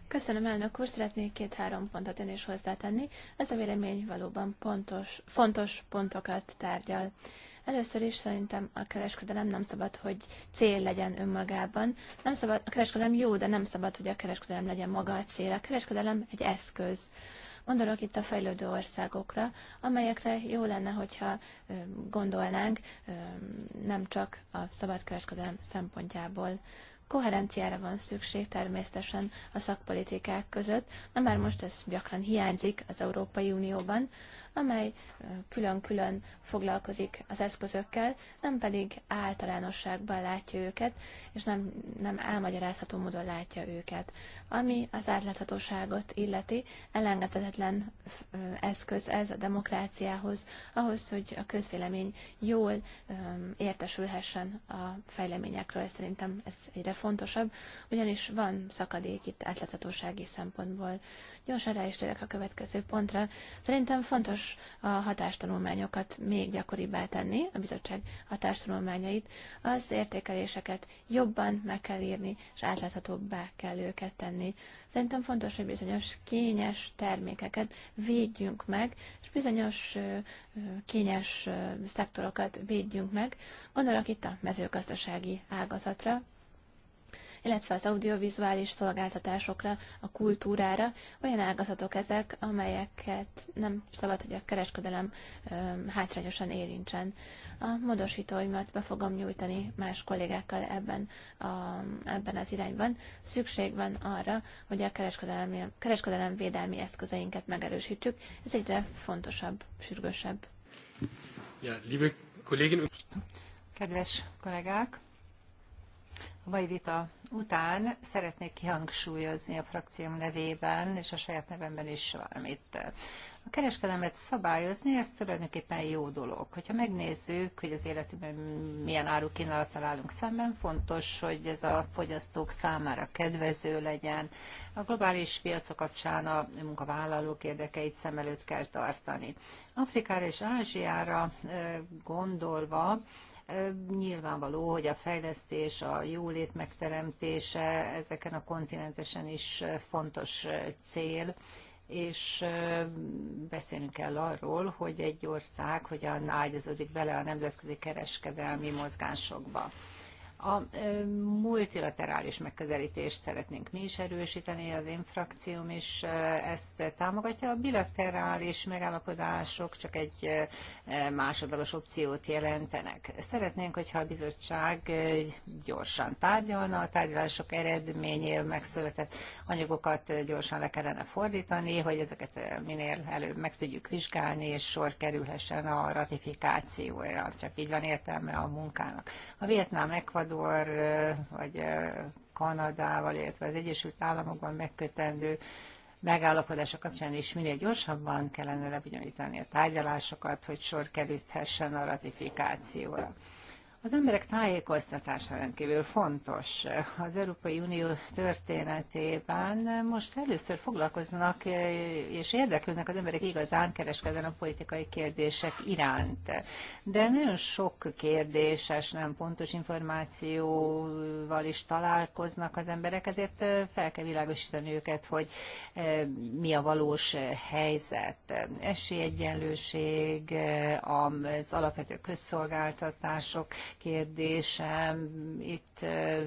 Köszönöm, elnök úr, szeretnék két-három pontot én is hozzátenni. Ez a vélemény valóban pontos, fontos pontokat tárgyal. Először is szerintem a kereskedelem nem szabad, hogy cél legyen önmagában. Nem szabad, a kereskedelem jó, de nem szabad, hogy a kereskedelem legyen maga a cél. A kereskedelem egy eszköz. Gondolok itt a fejlődő országokra, amelyekre jó lenne, hogyha gondolnánk nem csak a szabadkereskedelem szempontjából, koherenciára van szükség természetesen a szakpolitikák között, na már most ez gyakran hiányzik az Európai Unióban amely külön-külön foglalkozik az eszközökkel, nem pedig általánosságban látja őket, és nem, nem elmagyarázható módon látja őket. Ami az átláthatóságot illeti, elengedhetetlen eszköz ez a demokráciához, ahhoz, hogy a közvélemény jól értesülhessen a fejleményekről. Szerintem ez egyre fontosabb, ugyanis van szakadék itt átláthatósági szempontból. Gyorsan rá is a következő pontra. Szerintem fontos a hatástanulmányokat még gyakoribbá tenni, a bizottság hatástanulmányait. Az értékeléseket jobban meg kell írni, és átláthatóbbá kell őket tenni. Szerintem fontos, hogy bizonyos kényes termékeket védjünk meg, és bizonyos kényes szektorokat védjünk meg. Gondolok itt a mezőgazdasági ágazatra, illetve az audiovizuális szolgáltatásokra, a kultúrára. Olyan ágazatok ezek, amelyeket nem szabad, hogy a kereskedelem hátrányosan érintsen. A módosítóimat be fogom nyújtani más kollégákkal ebben, a, ebben az irányban. Szükség van arra, hogy a kereskedelem, kereskedelem védelmi eszközeinket megerősítsük. Ez egyre fontosabb, sürgősebb. Ja, liebe Kolleginnen Kedves kollégák! mai vita után szeretnék kihangsúlyozni a frakcióm nevében és a saját nevemben is valamit. A kereskedelmet szabályozni, ez tulajdonképpen jó dolog. Hogyha megnézzük, hogy az életünkben milyen árukínálat találunk szemben, fontos, hogy ez a fogyasztók számára kedvező legyen. A globális piacok kapcsán a munkavállalók érdekeit szem előtt kell tartani. Afrikára és Ázsiára eh, gondolva, Nyilvánvaló, hogy a fejlesztés, a jólét megteremtése ezeken a kontinentesen is fontos cél, és beszélnünk kell arról, hogy egy ország hogyan ágyazódik bele a nemzetközi kereskedelmi mozgásokba. A multilaterális megközelítést szeretnénk mi is erősíteni, az én frakcióm is ezt támogatja. A bilaterális megállapodások csak egy másodlagos opciót jelentenek. Szeretnénk, hogyha a bizottság gyorsan tárgyalna, a tárgyalások eredményéről megszületett anyagokat gyorsan le kellene fordítani, hogy ezeket minél előbb meg tudjuk vizsgálni, és sor kerülhessen a ratifikációra. Csak így van értelme a munkának. A Vietnám Ecuador Ecuador vagy Kanadával, illetve az Egyesült Államokban megkötendő megállapodása kapcsán is minél gyorsabban kellene lebonyolítani a tárgyalásokat, hogy sor kerülhessen a ratifikációra. Az emberek tájékoztatása rendkívül fontos. Az Európai Unió történetében most először foglalkoznak és érdeklődnek az emberek igazán kereskedelem politikai kérdések iránt. De nagyon sok kérdéses, nem pontos információval is találkoznak az emberek, ezért fel kell világosítani őket, hogy e, mi a valós helyzet. Esélyegyenlőség, e, az alapvető közszolgáltatások, kérdésem. Itt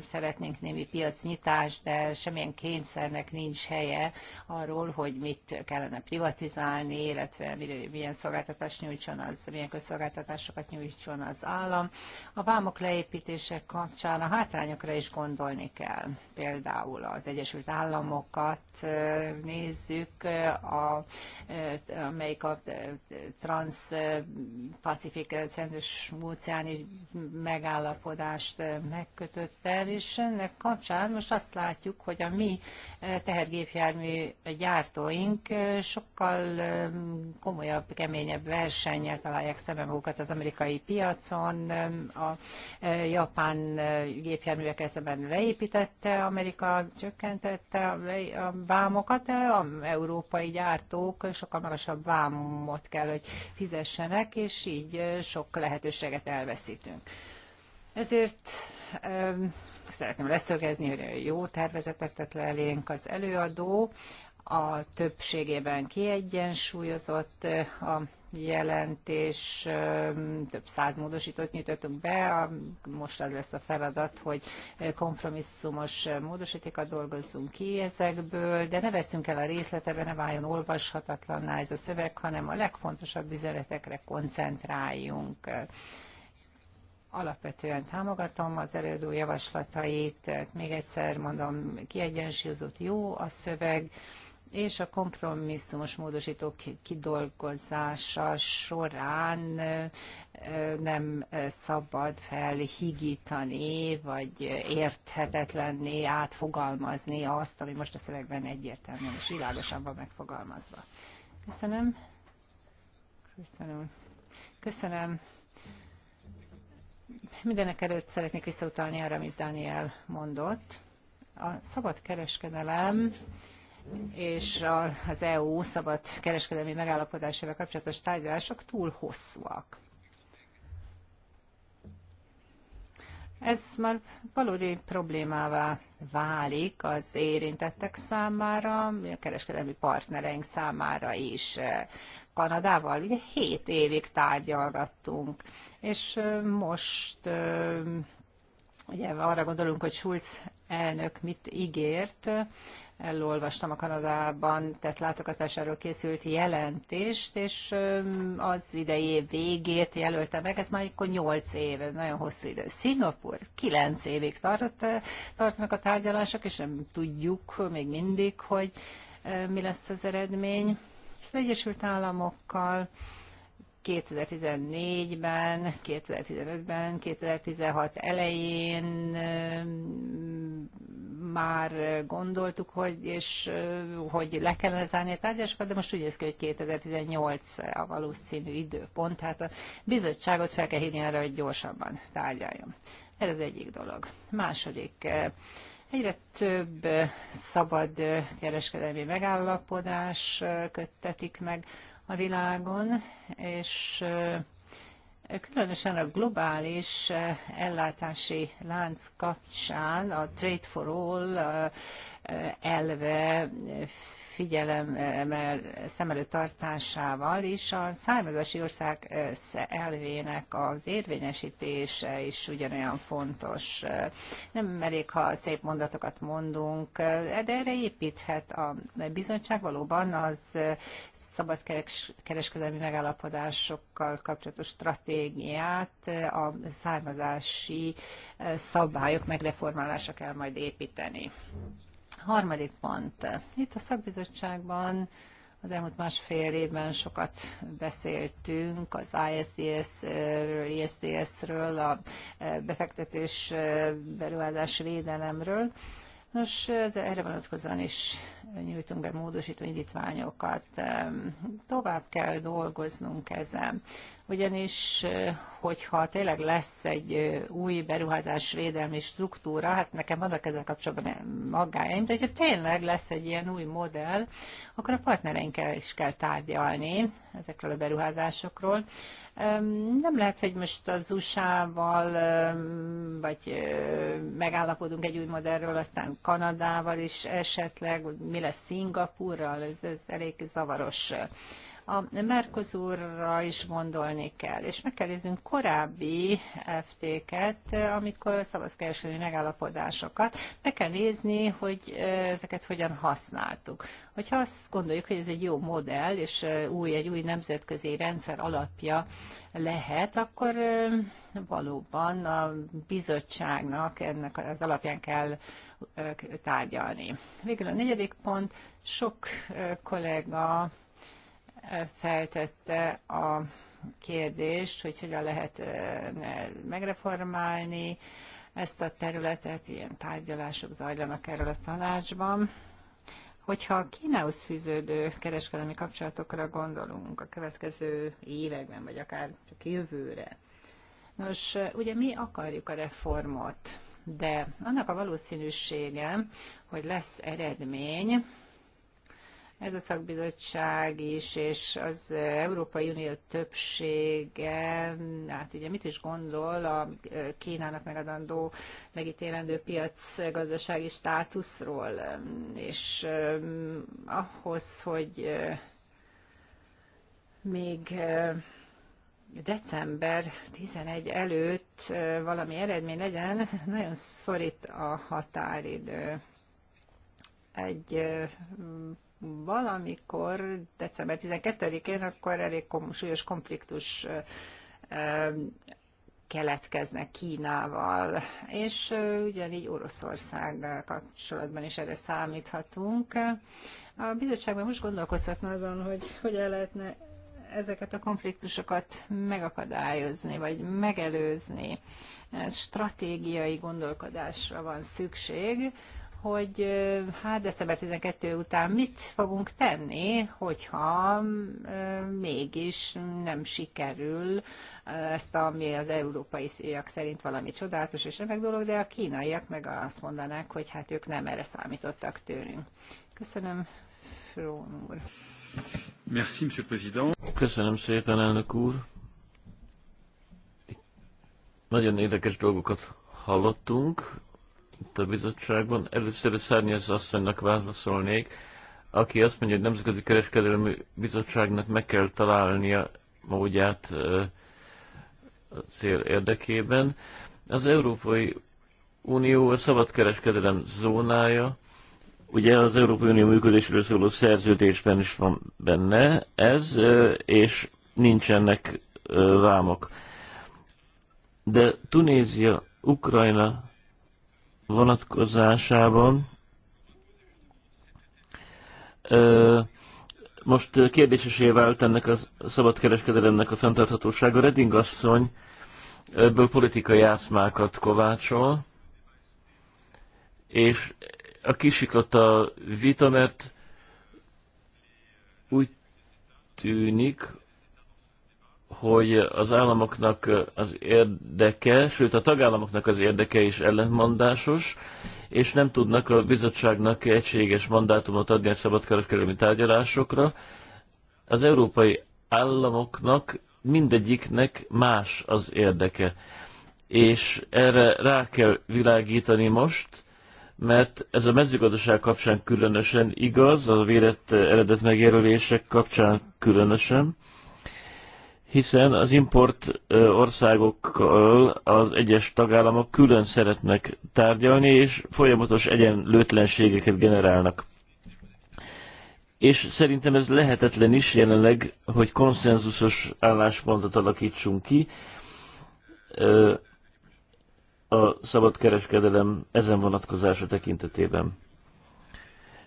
szeretnénk némi piacnyitást, de semmilyen kényszernek nincs helye arról, hogy mit kellene privatizálni, illetve milyen szolgáltatást nyújtson az, milyen közszolgáltatásokat nyújtson az állam. A vámok leépítések kapcsán a hátrányokra is gondolni kell. Például az Egyesült Államokat nézzük, a, amelyik a Trans-Pacific Centrus óceáni megállapodást megkötöttem, és ennek kapcsán most azt látjuk, hogy a mi tehergépjármű gyártóink sokkal komolyabb, keményebb versennyel találják szemem magukat az amerikai piacon. A japán gépjárművek szemben leépítette, Amerika csökkentette a vámokat, a európai gyártók sokkal magasabb vámot kell, hogy fizessenek, és így sok lehetőséget elveszítünk. Ezért szeretném leszögezni, hogy jó tervezetet tett le elénk az előadó, a többségében kiegyensúlyozott eh, a jelentés, több száz módosítót nyújtottunk be, most az lesz a feladat, hogy eh, kompromisszumos eh, módosítékat dolgozzunk ki ezekből, de ne veszünk el a részletebe, ne váljon olvashatatlanná ez a szöveg, hanem a legfontosabb üzenetekre koncentráljunk alapvetően támogatom az előadó javaslatait, még egyszer mondom, kiegyensúlyozott jó a szöveg, és a kompromisszumos módosítók kidolgozása során nem szabad felhigítani, vagy érthetetlenné átfogalmazni azt, ami most a szövegben egyértelműen és világosan van megfogalmazva. Köszönöm. Köszönöm. Köszönöm. Mindenek előtt szeretnék visszautalni arra, amit Daniel mondott. A szabad kereskedelem és az EU szabad kereskedelmi megállapodásával kapcsolatos tárgyalások túl hosszúak. Ez már valódi problémává válik az érintettek számára, a kereskedelmi partnereink számára is. Kanadával. Ugye 7 évig tárgyalgattunk, és most ugye arra gondolunk, hogy Schulz elnök mit ígért, elolvastam a Kanadában tett látogatásáról készült jelentést, és az idei év végét jelölte meg, ez már akkor 8 év, ez nagyon hosszú idő. Szingapur 9 évig tartott, tartanak a tárgyalások, és nem tudjuk még mindig, hogy mi lesz az eredmény az Egyesült Államokkal, 2014-ben, 2015-ben, 2016 elején már gondoltuk, hogy, és, hogy le kellene zárni a tárgyásokat, de most úgy néz ki, hogy 2018 a valószínű időpont, tehát a bizottságot fel kell hívni arra, hogy gyorsabban tárgyaljon. Ez az egyik dolog. Második Egyre több szabad kereskedelmi megállapodás köttetik meg a világon, és különösen a globális ellátási lánc kapcsán a Trade for All elve figyelem szem előtt tartásával is a származási ország eh, elvének az érvényesítése is ugyanolyan fontos. Nem elég, ha szép mondatokat mondunk, de erre építhet a bizottság valóban az eh, kereskedelmi megállapodásokkal kapcsolatos stratégiát eh, a származási szabályok megreformálása kell majd építeni. Harmadik pont. Itt a szakbizottságban az elmúlt másfél évben sokat beszéltünk az ISDS-ről, ISDS-ről, a e, befektetés e, beruházás védelemről. Nos, erre vonatkozóan is nyújtunk be módosító indítványokat. Tovább kell dolgoznunk ezen. Ugyanis, hogyha tényleg lesz egy új beruházás védelmi struktúra, hát nekem vannak ezzel kapcsolatban magáim, de hogyha tényleg lesz egy ilyen új modell, akkor a partnereinkkel is kell tárgyalni ezekről a beruházásokról. Nem lehet, hogy most az USA-val vagy megállapodunk egy új modellről, aztán Kanadával is esetleg, mi a Szingapurral, ez, ez elég zavaros a Merkozúrra is gondolni kell, és meg kell néznünk korábbi FT-ket, amikor szavazkereskedő megállapodásokat, meg kell nézni, hogy ezeket hogyan használtuk. Hogyha azt gondoljuk, hogy ez egy jó modell, és új, egy új nemzetközi rendszer alapja lehet, akkor valóban a bizottságnak ennek az alapján kell tárgyalni. Végül a negyedik pont, sok kollega feltette a kérdést, hogy hogyan lehet megreformálni ezt a területet, ilyen tárgyalások zajlanak erről a tanácsban. Hogyha a Kínához fűződő kereskedelmi kapcsolatokra gondolunk a következő években, vagy akár csak jövőre, Nos, ugye mi akarjuk a reformot? de annak a valószínűsége, hogy lesz eredmény, ez a szakbizottság is, és az Európai Unió többsége, hát ugye mit is gondol a Kínának megadandó, megítélendő piac gazdasági státuszról, és ahhoz, hogy még december 11 előtt valami eredmény legyen, nagyon szorít a határidő. Egy valamikor december 12-én, akkor elég kom- súlyos konfliktus keletkeznek Kínával, és ugyanígy Oroszország kapcsolatban is erre számíthatunk. A bizottságban most gondolkozhatna azon, hogy hogyan lehetne ezeket a konfliktusokat megakadályozni, vagy megelőzni. Stratégiai gondolkodásra van szükség, hogy hát december 12 után mit fogunk tenni, hogyha mégis nem sikerül ezt, ami az európai szíjak szerint valami csodálatos és remek dolog, de a kínaiak meg azt mondanák, hogy hát ők nem erre számítottak tőlünk. Köszönöm, Frón úr. Merci, Monsieur le Président. Köszönöm szépen, elnök úr. Nagyon érdekes dolgokat hallottunk itt a bizottságban. Először Szárnyez asszonynak válaszolnék, aki azt mondja, hogy Nemzetközi Kereskedelmi Bizottságnak meg kell találnia módját a cél érdekében. Az Európai Unió a szabadkereskedelem zónája, Ugye az Európai Unió működésről szóló szerződésben is van benne ez, és nincsenek vámok. De Tunézia, Ukrajna vonatkozásában most kérdésesé vált ennek a szabadkereskedelemnek a fenntarthatósága. Reding asszony ebből politikai játszmákat kovácsol, és a kisiklott a vita, mert úgy tűnik, hogy az államoknak az érdeke, sőt a tagállamoknak az érdeke is ellentmondásos, és nem tudnak a bizottságnak egységes mandátumot adni a szabadkereskedelmi tárgyalásokra. Az európai államoknak mindegyiknek más az érdeke. És erre rá kell világítani most, mert ez a mezőgazdaság kapcsán különösen igaz, a vélet eredet megjelölések kapcsán különösen, hiszen az import országokkal az egyes tagállamok külön szeretnek tárgyalni, és folyamatos egyenlőtlenségeket generálnak. És szerintem ez lehetetlen is jelenleg, hogy konszenzusos álláspontot alakítsunk ki a szabadkereskedelem ezen vonatkozása tekintetében.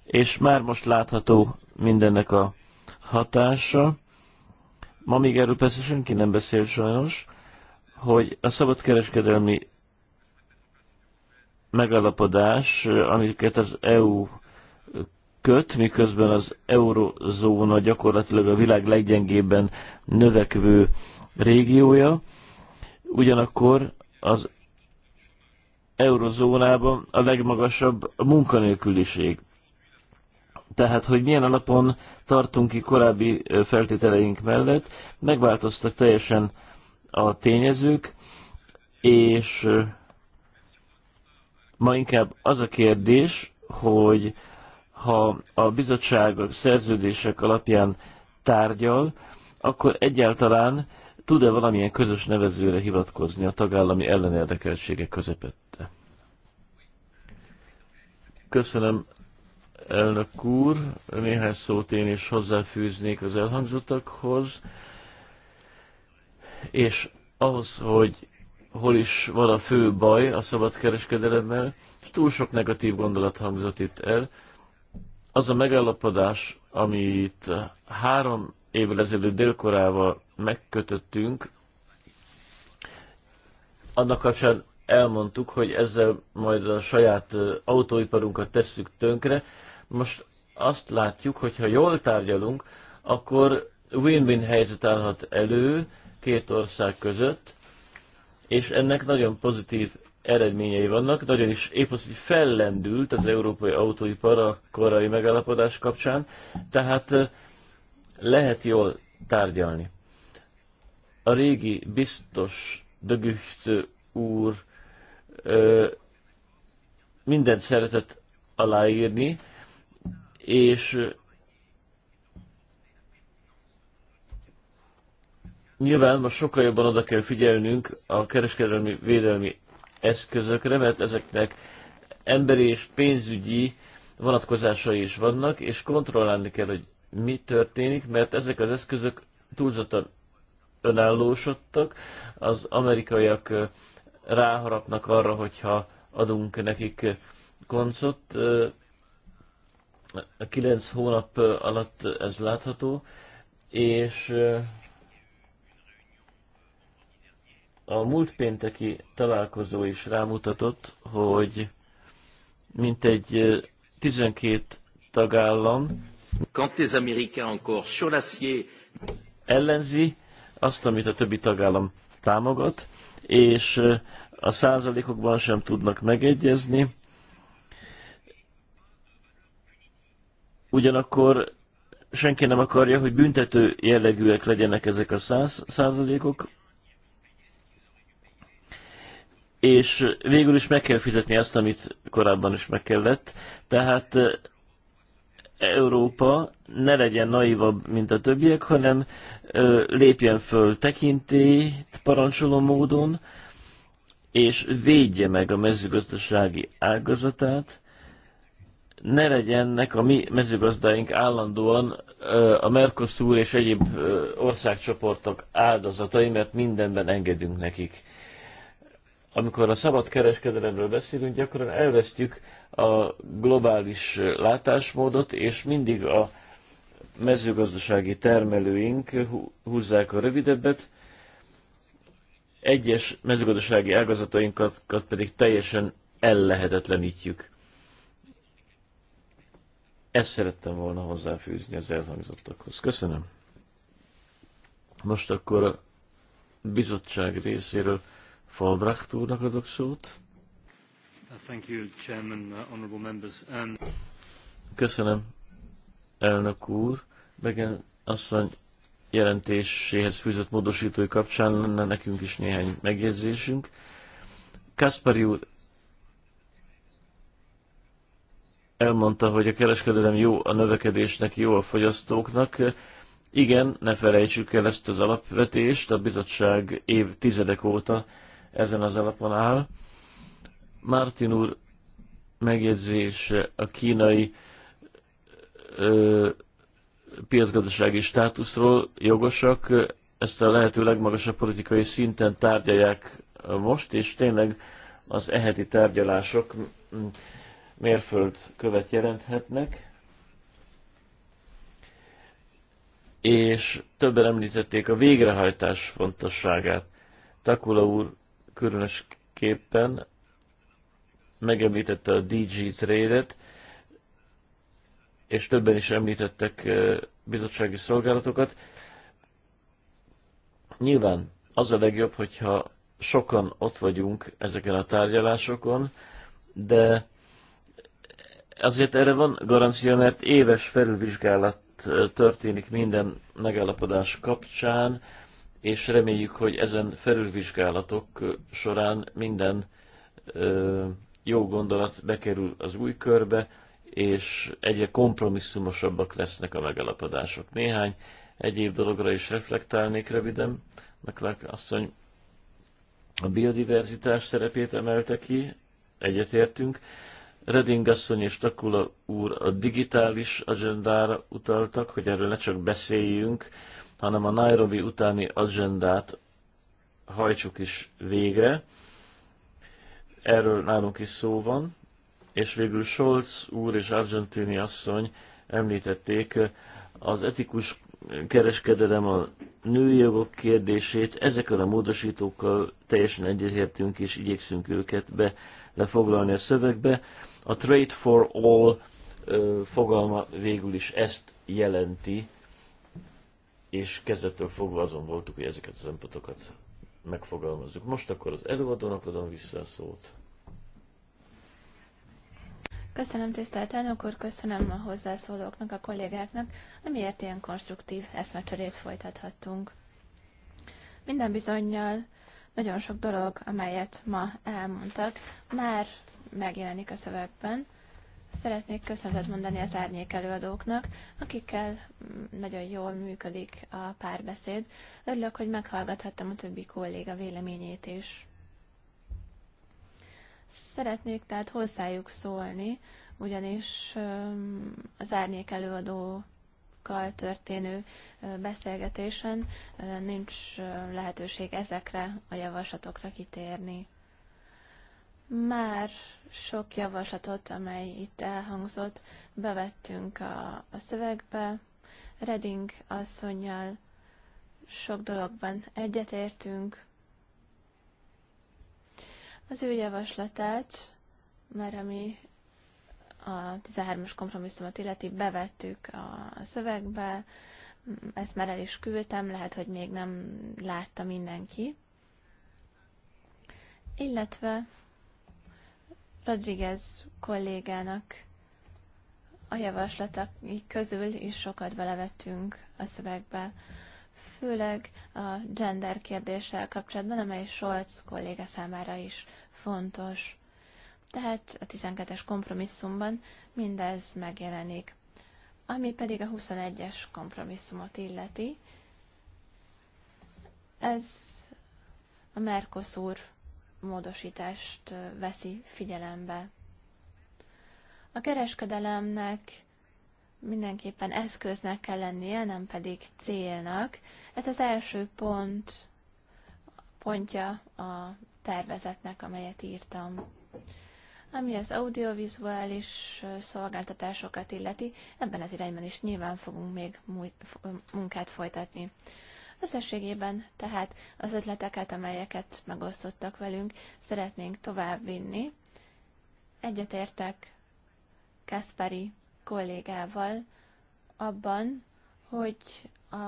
És már most látható mindennek a hatása. Ma még erről persze senki nem beszél sajnos, hogy a szabadkereskedelmi megalapodás, amiket az EU köt, miközben az eurozóna gyakorlatilag a világ leggyengébben növekvő régiója, ugyanakkor az eurozónában a legmagasabb a munkanélküliség. Tehát, hogy milyen alapon tartunk ki korábbi feltételeink mellett, megváltoztak teljesen a tényezők, és ma inkább az a kérdés, hogy ha a bizottság szerződések alapján tárgyal, akkor egyáltalán tud-e valamilyen közös nevezőre hivatkozni a tagállami ellenérdekeltsége közepette? Köszönöm, elnök úr. Néhány szót én is hozzáfűznék az elhangzottakhoz, és ahhoz, hogy hol is van a fő baj a szabadkereskedelemmel, és túl sok negatív gondolat hangzott itt el. Az a megállapodás, amit három évvel ezelőtt délkorával megkötöttünk, annak kapcsán elmondtuk, hogy ezzel majd a saját autóiparunkat tesszük tönkre. Most azt látjuk, hogy ha jól tárgyalunk, akkor win-win helyzet állhat elő két ország között, és ennek nagyon pozitív eredményei vannak, nagyon is épp az, hogy fellendült az európai autóipar a korai megállapodás kapcsán, tehát lehet jól tárgyalni. A régi biztos Dögücht úr ö, mindent szeretett aláírni, és nyilván most sokkal jobban oda kell figyelnünk a kereskedelmi védelmi eszközökre, mert ezeknek emberi és pénzügyi vonatkozásai is vannak, és kontrollálni kell, hogy mi történik, mert ezek az eszközök túlzottan önállósodtak, az amerikaiak ráharapnak arra, hogyha adunk nekik koncot. A kilenc hónap alatt ez látható, és a múlt pénteki találkozó is rámutatott, hogy mintegy 12 tagállam Ellenzi azt, amit a többi tagállam támogat, és a százalékokban sem tudnak megegyezni. Ugyanakkor senki nem akarja, hogy büntető jellegűek legyenek ezek a száz, százalékok, és végül is meg kell fizetni azt, amit korábban is meg kellett. Tehát Európa ne legyen naivabb, mint a többiek, hanem lépjen föl tekintélyt parancsoló módon, és védje meg a mezőgazdasági ágazatát, ne legyennek a mi mezőgazdáink állandóan a Mercosur és egyéb országcsoportok áldozatai, mert mindenben engedünk nekik amikor a szabad kereskedelemről beszélünk, gyakran elvesztjük a globális látásmódot, és mindig a mezőgazdasági termelőink húzzák a rövidebbet, egyes mezőgazdasági ágazatainkat pedig teljesen ellehetetlenítjük. Ezt szerettem volna hozzáfűzni az elhangzottakhoz. Köszönöm. Most akkor a bizottság részéről Falbracht úrnak adok szót. Uh, um, Köszönöm, elnök úr. Megen asszony jelentéséhez fűzött módosítói kapcsán lenne nekünk is néhány megjegyzésünk. Kaspari úr elmondta, hogy a kereskedelem jó a növekedésnek, jó a fogyasztóknak. Igen, ne felejtsük el ezt az alapvetést, a bizottság évtizedek óta ezen az alapon áll. Martin úr megjegyzése a kínai ö, piacgazdasági státuszról jogosak, ezt a lehető legmagasabb politikai szinten tárgyalják most, és tényleg az eheti tárgyalások követ jelenthetnek. És többen említették a végrehajtás fontosságát. Takula úr különösképpen megemlítette a DG Trade-et, és többen is említettek bizottsági szolgálatokat. Nyilván az a legjobb, hogyha sokan ott vagyunk ezeken a tárgyalásokon, de azért erre van garancia, mert éves felülvizsgálat történik minden megállapodás kapcsán, és reméljük, hogy ezen felülvizsgálatok során minden ö, jó gondolat bekerül az új körbe, és egyre kompromisszumosabbak lesznek a megalapodások. Néhány egyéb dologra is reflektálnék röviden. McClark asszony a biodiverzitás szerepét emelte ki, egyetértünk. Reding asszony és Takula úr a digitális agendára utaltak, hogy erről ne csak beszéljünk, hanem a Nairobi utáni agendát hajtsuk is végre. Erről nálunk is szó van, és végül Scholz úr és argentini asszony említették az etikus kereskedelem a női jogok kérdését. Ezekkel a módosítókkal teljesen egyetértünk és igyekszünk őket be lefoglalni a szövegbe. A Trade for All fogalma végül is ezt jelenti, és kezdettől fogva azon voltuk, hogy ezeket a szempontokat megfogalmazzuk. Most akkor az előadónak adom vissza a szót. Köszönöm tisztelt elnök úr, köszönöm a hozzászólóknak, a kollégáknak, amiért ilyen konstruktív eszmecserét folytathattunk. Minden bizonyal nagyon sok dolog, amelyet ma elmondtak, már megjelenik a szövegben, Szeretnék köszönetet mondani az árnyék előadóknak, akikkel mm, nagyon jól működik a párbeszéd. Örülök, hogy meghallgathattam a többi kolléga véleményét is. Szeretnék tehát hozzájuk szólni, ugyanis mm, az árnyék előadó történő beszélgetésen nincs lehetőség ezekre a javaslatokra kitérni. Már sok javaslatot, amely itt elhangzott, bevettünk a, a szövegbe. Reding asszonyjal sok dologban egyetértünk. Az ő javaslatát, mert ami a 13-as kompromisszumot illeti, bevettük a szövegbe, ezt már el is küldtem, lehet, hogy még nem látta mindenki. Illetve Rodriguez kollégának a javaslatai közül is sokat belevettünk a szövegbe, főleg a gender kérdéssel kapcsolatban, amely Scholz kolléga számára is fontos. Tehát a 12-es kompromisszumban mindez megjelenik. Ami pedig a 21-es kompromisszumot illeti, ez a Mercosur módosítást veszi figyelembe. A kereskedelemnek mindenképpen eszköznek kell lennie, nem pedig célnak. Ez az első pont, pontja a tervezetnek, amelyet írtam. Ami az audiovizuális szolgáltatásokat illeti, ebben az irányban is nyilván fogunk még munkát folytatni. Összességében tehát az ötleteket, amelyeket megosztottak velünk, szeretnénk továbbvinni. Egyetértek Kaspari kollégával abban, hogy a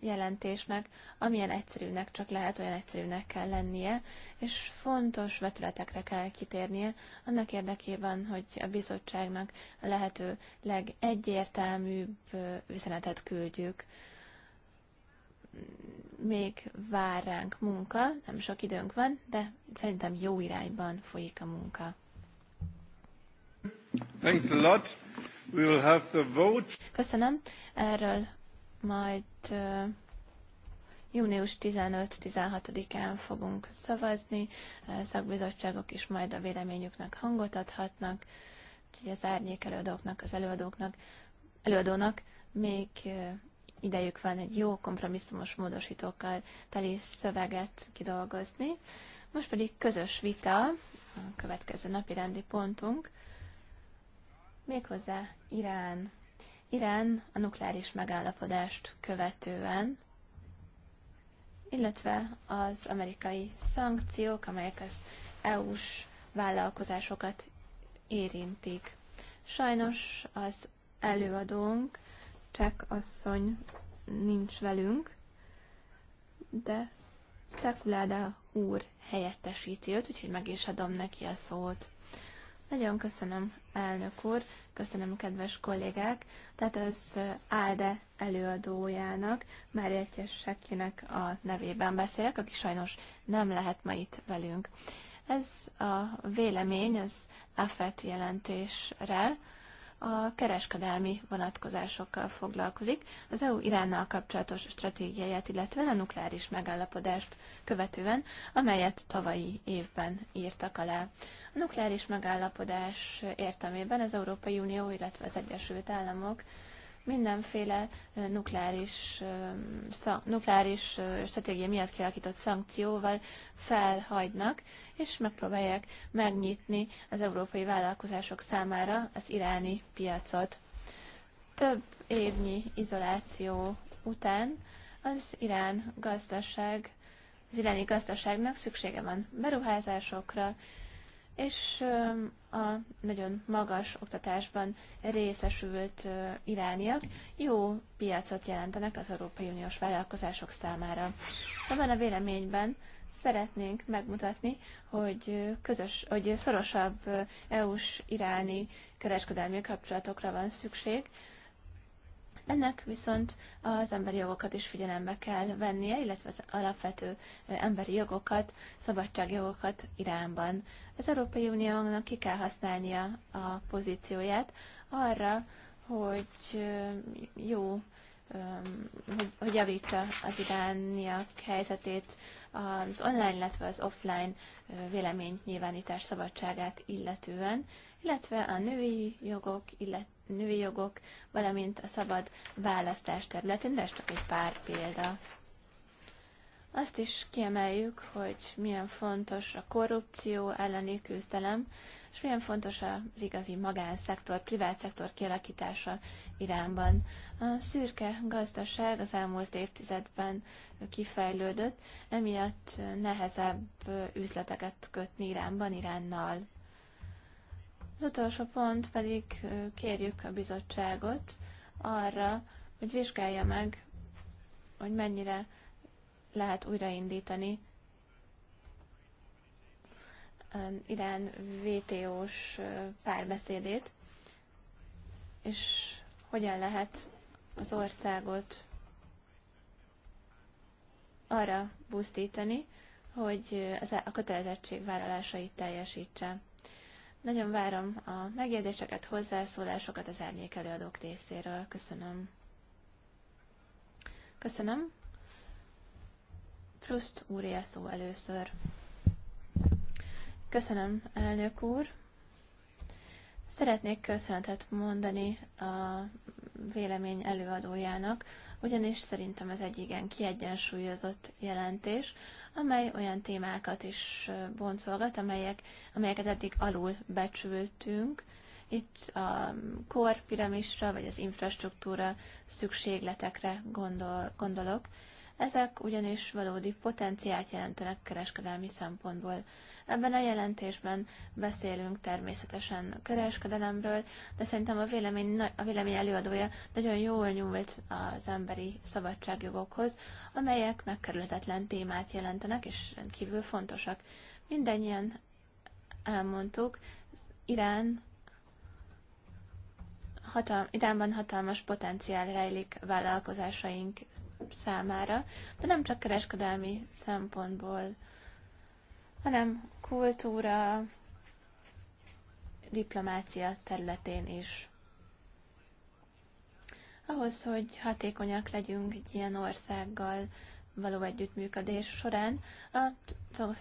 jelentésnek, amilyen egyszerűnek csak lehet, olyan egyszerűnek kell lennie, és fontos vetületekre kell kitérnie, annak érdekében, hogy a bizottságnak a lehető legegyértelműbb üzenetet küldjük még vár ránk munka, nem sok időnk van, de szerintem jó irányban folyik a munka. Thanks a lot. We will have the vote. Köszönöm. Erről majd uh, június 15-16-án fogunk szavazni, szakbizottságok is majd a véleményüknek hangot adhatnak, úgyhogy az árnyék előadóknak, az előadóknak, előadónak még idejük van egy jó kompromisszumos módosítókkal teli szöveget kidolgozni. Most pedig közös vita, a következő napi rendi pontunk, méghozzá Irán. Irán a nukleáris megállapodást követően, illetve az amerikai szankciók, amelyek az EU-s vállalkozásokat érintik. Sajnos az előadónk Csák asszony nincs velünk, de Takuládá úr helyettesíti őt, úgyhogy meg is adom neki a szót. Nagyon köszönöm, elnök úr, köszönöm, kedves kollégák. Tehát az Álde előadójának, már Sekinek a nevében beszélek, aki sajnos nem lehet ma itt velünk. Ez a vélemény az AFET jelentésre, a kereskedelmi vonatkozásokkal foglalkozik, az EU Iránnal kapcsolatos stratégiáját, illetve a nukleáris megállapodást követően, amelyet tavalyi évben írtak alá. A nukleáris megállapodás értelmében az Európai Unió, illetve az Egyesült Államok mindenféle nukleáris, nukleáris stratégia miatt kialakított szankcióval felhagynak, és megpróbálják megnyitni az európai vállalkozások számára az iráni piacot. Több évnyi izoláció után az irán gazdaság, az iráni gazdaságnak szüksége van beruházásokra, és a nagyon magas oktatásban részesült irániak jó piacot jelentenek az Európai Uniós vállalkozások számára. Ebben a véleményben szeretnénk megmutatni, hogy, közös, hogy szorosabb EU-s iráni kereskedelmi kapcsolatokra van szükség, ennek viszont az emberi jogokat is figyelembe kell vennie, illetve az alapvető emberi jogokat, szabadságjogokat Iránban. Az Európai Uniónak ki kell használnia a pozícióját arra, hogy jó hogy, javítsa az irániak helyzetét az online, illetve az offline véleménynyilvánítás szabadságát illetően, illetve a női jogok, illetve női jogok, valamint a szabad választás területén, de ez csak egy pár példa. Azt is kiemeljük, hogy milyen fontos a korrupció elleni küzdelem, és milyen fontos az igazi magánszektor, privát szektor kialakítása Iránban. A szürke gazdaság az elmúlt évtizedben kifejlődött, emiatt nehezebb üzleteket kötni Iránban Iránnal. Az utolsó pont pedig kérjük a bizottságot arra, hogy vizsgálja meg, hogy mennyire lehet újraindítani Irán VTO-s párbeszédét, és hogyan lehet az országot arra buzdítani, hogy a kötelezettségvállalásait teljesítse. Nagyon várom a megjegyzéseket, hozzászólásokat az árnyék előadók részéről. Köszönöm. Köszönöm. Proust úré szó először. Köszönöm, elnök úr. Szeretnék köszönetet mondani a vélemény előadójának, ugyanis szerintem ez egy igen kiegyensúlyozott jelentés, amely olyan témákat is boncolgat, amelyek, amelyeket eddig alul becsültünk. Itt a korpiramisra, vagy az infrastruktúra szükségletekre gondol, gondolok. Ezek ugyanis valódi potenciált jelentenek kereskedelmi szempontból Ebben a jelentésben beszélünk természetesen kereskedelemről, de szerintem a vélemény, a vélemény előadója nagyon jól nyúlt az emberi szabadságjogokhoz, amelyek megkerülhetetlen témát jelentenek, és rendkívül fontosak. Mindennyien elmondtuk, Irán hatal- Iránban hatalmas potenciál rejlik vállalkozásaink számára, de nem csak kereskedelmi szempontból hanem kultúra, diplomácia területén is. Ahhoz, hogy hatékonyak legyünk egy ilyen országgal való együttműködés során,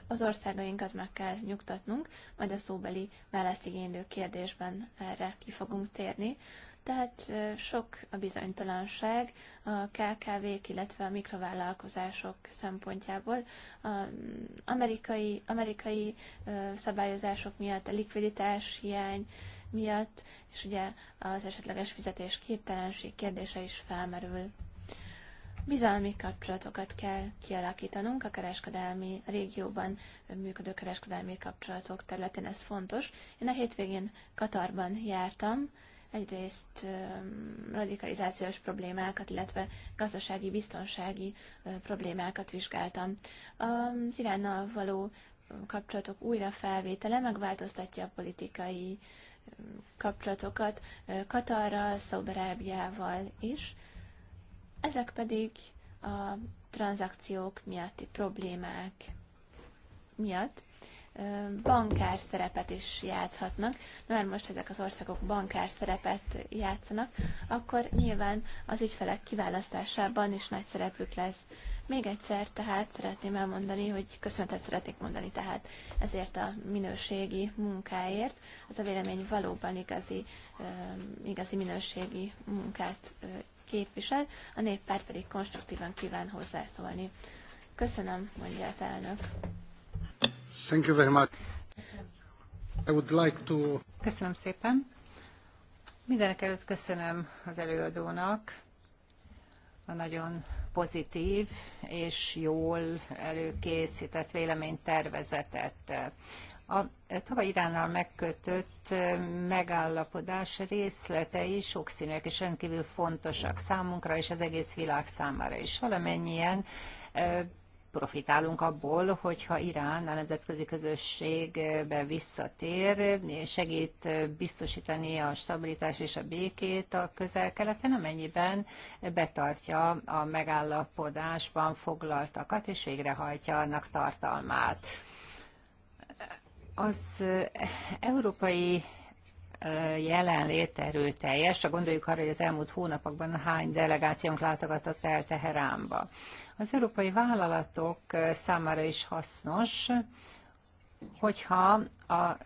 az országainkat meg kell nyugtatnunk, majd a szóbeli választigénylő kérdésben erre ki fogunk térni. Tehát sok a bizonytalanság a KKV-k, illetve a mikrovállalkozások szempontjából. A amerikai, amerikai szabályozások miatt a likviditás hiány miatt, és ugye az esetleges fizetés képtelenség kérdése is felmerül. Bizalmi kapcsolatokat kell kialakítanunk a kereskedelmi a régióban működő kereskedelmi kapcsolatok területén, ez fontos. Én a hétvégén Katarban jártam, egyrészt radikalizációs problémákat, illetve gazdasági, biztonsági problémákat vizsgáltam. Az Iránnal való kapcsolatok felvétele megváltoztatja a politikai kapcsolatokat Katarral, Szaudarábiával is, ezek pedig a tranzakciók miatti problémák miatt bankár szerepet is játszhatnak, mert most ezek az országok bankár szerepet játszanak, akkor nyilván az ügyfelek kiválasztásában is nagy szerepük lesz. Még egyszer tehát szeretném elmondani, hogy köszöntet szeretnék mondani tehát ezért a minőségi munkáért. az a vélemény valóban igazi, igazi minőségi munkát képvisel, a néppárt pedig konstruktívan kíván hozzászólni. Köszönöm, mondja az elnök. Köszönöm szépen. Mindenek előtt köszönöm az előadónak a nagyon pozitív és jól előkészített véleménytervezetet. A tavaly Iránnal megkötött megállapodás részletei sokszínűek és rendkívül fontosak számunkra és az egész világ számára is. Valamennyien profitálunk abból, hogyha Irán a nemzetközi közösségbe visszatér, segít biztosítani a stabilitás és a békét a közel-keleten, amennyiben betartja a megállapodásban foglaltakat, és végrehajtja annak tartalmát. Az Európai jelenlét erőteljes, csak gondoljuk arra, hogy az elmúlt hónapokban hány delegációnk látogatott el Teheránba. Az európai vállalatok számára is hasznos, hogyha a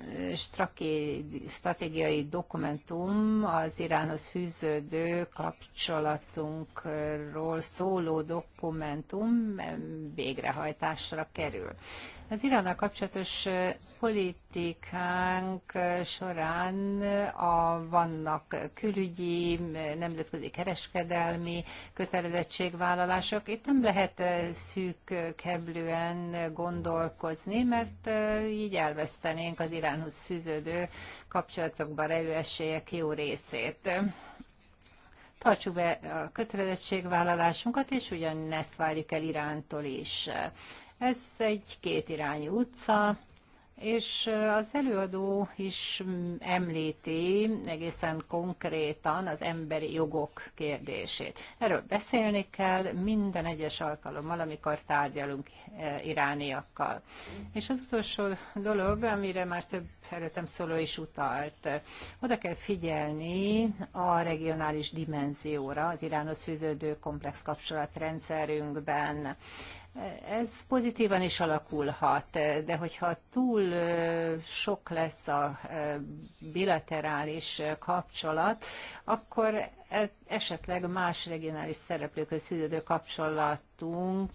stratégiai dokumentum az Iránhoz fűződő kapcsolatunkról szóló dokumentum végrehajtásra kerül. Az Iránnal kapcsolatos politikánk során a, vannak külügyi, nemzetközi kereskedelmi kötelezettségvállalások. Itt nem lehet szűk keblően gondolkozni, mert így elvesztenénk megvédjék az Iránhoz fűződő kapcsolatokban rejlő esélyek jó részét tartsuk be a kötelezettségvállalásunkat, és ugyanezt várjuk el Irántól is. Ez egy kétirányú utca, és eh, az előadó is mm, említi egészen konkrétan az emberi jogok kérdését. Erről beszélni kell minden egyes alkalommal, amikor tárgyalunk eh, irániakkal. És az utolsó dolog, amire már több előttem szóló is utalt, eh, oda kell figyelni a regionális dimenzióra, az Iránhoz fűződő komplex kapcsolatrendszerünkben ez pozitívan is alakulhat, de hogyha túl sok lesz a bilaterális kapcsolat, akkor e, esetleg más regionális szereplőkhöz fűződő kapcsolatunk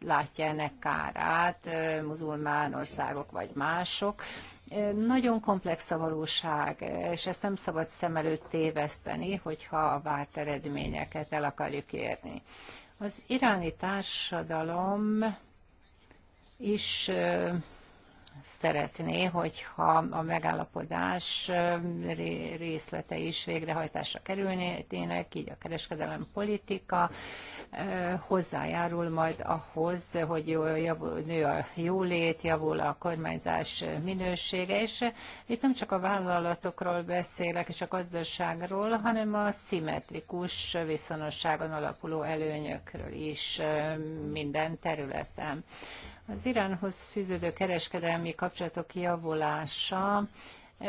látja ennek kárát, muzulmán országok vagy mások. Nagyon komplex a valóság, és ezt nem szabad szem előtt téveszteni, hogyha a várt eredményeket el akarjuk érni. Az iráni társadalom is szeretné, hogyha a megállapodás részlete is végrehajtásra kerülnének, így a kereskedelem politika, hozzájárul majd ahhoz, hogy javul, nő a jólét, javul a kormányzás minősége, és itt nem csak a vállalatokról beszélek és a gazdaságról, hanem a szimmetrikus viszonosságon alapuló előnyökről is minden területen. Az Iránhoz fűződő kereskedelmi kapcsolatok javulása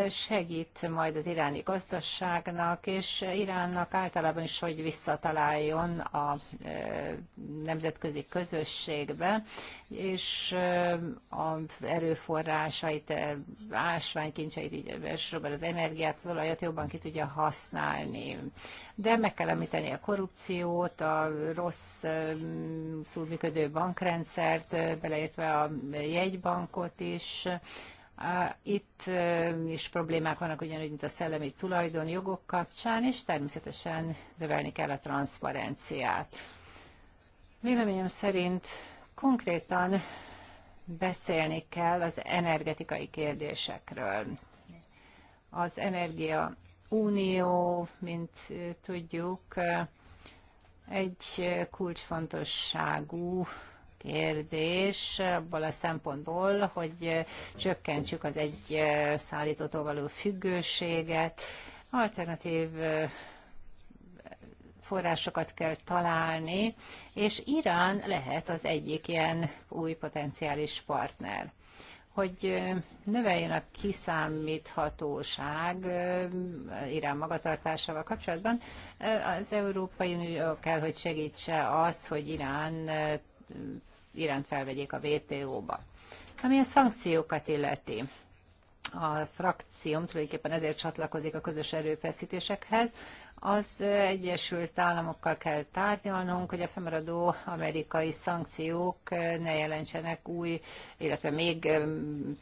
segít majd az iráni gazdaságnak, és Iránnak általában is, hogy visszataláljon a e, nemzetközi közösségbe, és e, a erőforrásait, e, ásványkincseit, így elsősorban az energiát, az olajat jobban ki tudja használni. De meg kell említeni a korrupciót, a rossz szúrműködő bankrendszert, beleértve a jegybankot is, itt is problémák vannak ugyanúgy, mint a szellemi jogok kapcsán, és természetesen növelni kell a transzparenciát. Véleményem szerint konkrétan beszélni kell az energetikai kérdésekről. Az Energia Unió, mint tudjuk, egy kulcsfontosságú kérdés abból a szempontból, hogy eh, csökkentsük az egy eh, szállítótól való függőséget, alternatív eh, forrásokat kell találni, és Irán lehet az egyik ilyen új potenciális partner hogy növeljön a kiszámíthatóság Irán magatartásával kapcsolatban. Az Európai Unió kell, hogy segítse azt, hogy Irán iránt felvegyék a WTO-ba. Ami a szankciókat illeti, a frakcióm tulajdonképpen ezért csatlakozik a közös erőfeszítésekhez, az Egyesült Államokkal kell tárgyalnunk, hogy a fennmaradó amerikai szankciók ne jelentsenek új, illetve még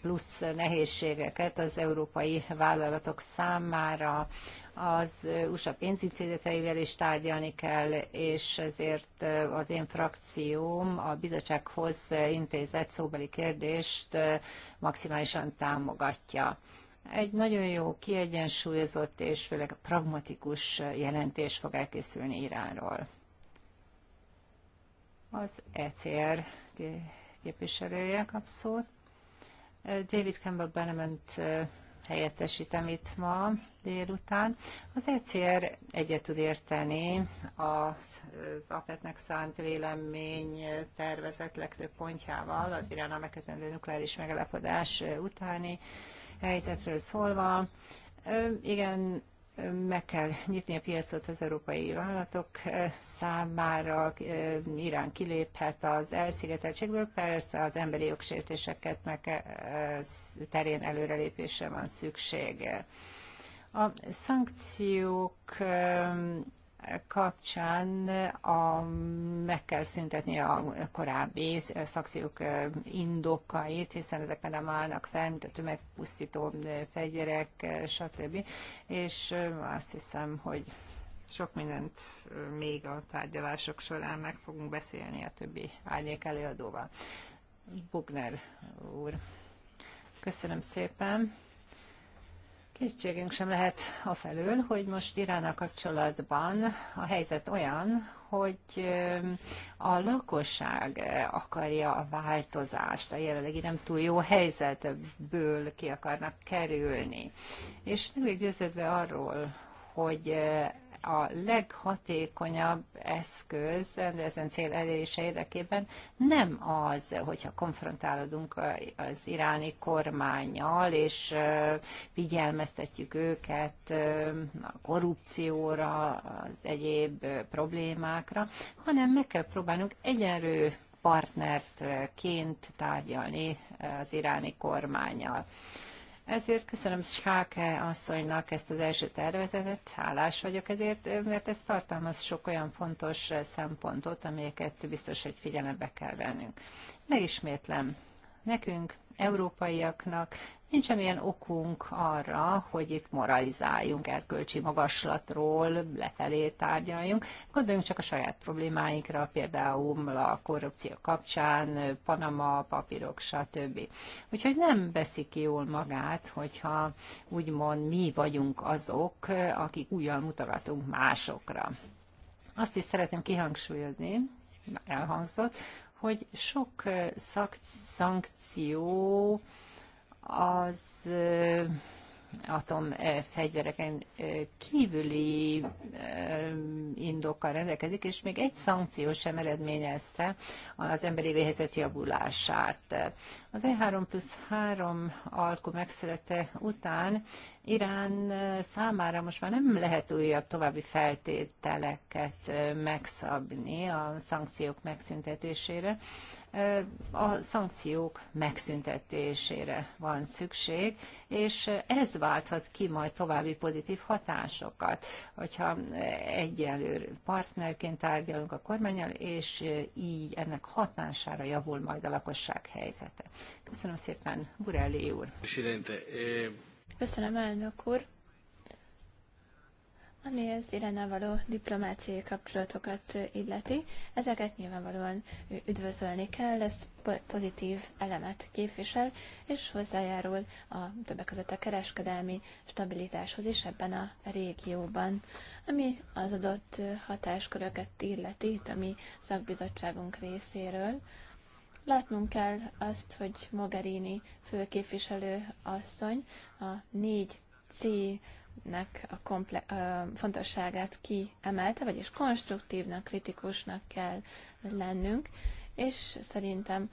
plusz nehézségeket az európai vállalatok számára. Az USA pénzintézeteivel is tárgyalni kell, és ezért az én frakcióm a bizottsághoz intézett szóbeli kérdést maximálisan támogatja egy nagyon jó, kiegyensúlyozott és főleg pragmatikus jelentés fog elkészülni Iránról. Az ECR képviselője kap szót. David Campbell Benement helyettesítem itt ma délután. Az ECR egyet tud érteni az APET-nek szánt vélemény tervezett legtöbb pontjával az Iránnal megkötendő nukleáris megalapodás utáni helyzetről szólva, igen, meg kell nyitni a piacot az európai vállalatok számára, Irán kiléphet az elszigeteltségből, persze az emberi jogsértéseket meg terén előrelépésre van szükség. A szankciók kapcsán a, meg kell szüntetni a korábbi szakciók indokait, hiszen ezek nem állnak fel, mint a tömegpusztító fegyverek, stb. És azt hiszem, hogy sok mindent még a tárgyalások során meg fogunk beszélni a többi árnyék előadóval. Bugner úr, köszönöm szépen. Kétségünk sem lehet a felől, hogy most Iránnal kapcsolatban a helyzet olyan, hogy a lakosság akarja a változást, a jelenlegi nem túl jó helyzetből ki akarnak kerülni. És meg győződve arról, hogy a leghatékonyabb eszköz de ezen cél elérése érdekében nem az, hogyha konfrontálódunk az iráni kormányjal, és figyelmeztetjük őket a korrupcióra, az egyéb problémákra, hanem meg kell próbálnunk egyenlő partnertként tárgyalni az iráni kormányjal. Ezért köszönöm Sáke asszonynak ezt az első tervezetet, hálás vagyok ezért, mert ez tartalmaz sok olyan fontos szempontot, amelyeket biztos, hogy figyelembe kell vennünk. Megismétlem, nekünk európaiaknak nincs semmilyen okunk arra, hogy itt moralizáljunk, erkölcsi magaslatról lefelé tárgyaljunk. Gondoljunk csak a saját problémáinkra, például a korrupció kapcsán, Panama, papírok, stb. Úgyhogy nem veszik ki jól magát, hogyha úgymond mi vagyunk azok, akik újjal mutogatunk másokra. Azt is szeretném kihangsúlyozni, elhangzott, hogy sok szankció az atomfegyvereken eh, eh, kívüli eh, indokkal rendelkezik, és még egy szankció sem eredményezte az emberi helyzet javulását. Az E3 plusz 3 alkú megszerete után Irán számára most már nem lehet újabb további feltételeket megszabni a szankciók megszüntetésére, a szankciók megszüntetésére van szükség, és ez válthat ki majd további pozitív hatásokat, hogyha egyelőr partnerként tárgyalunk a kormányal és így ennek hatására javul majd a lakosság helyzete. Köszönöm szépen, Burelli úr! Eh, Köszönöm, elnök úr! ami az Irennel való diplomáciai kapcsolatokat illeti, ezeket nyilvánvalóan üdvözölni kell, ez pozitív elemet képvisel, és hozzájárul a többek között a kereskedelmi stabilitáshoz is ebben a régióban, ami az adott hatásköröket illeti, itt a mi szakbizottságunk részéről. Látnunk kell azt, hogy Mogherini főképviselő asszony a 4C nek a komple- ö, fontosságát kiemelte, vagyis konstruktívnak, kritikusnak kell lennünk, és szerintem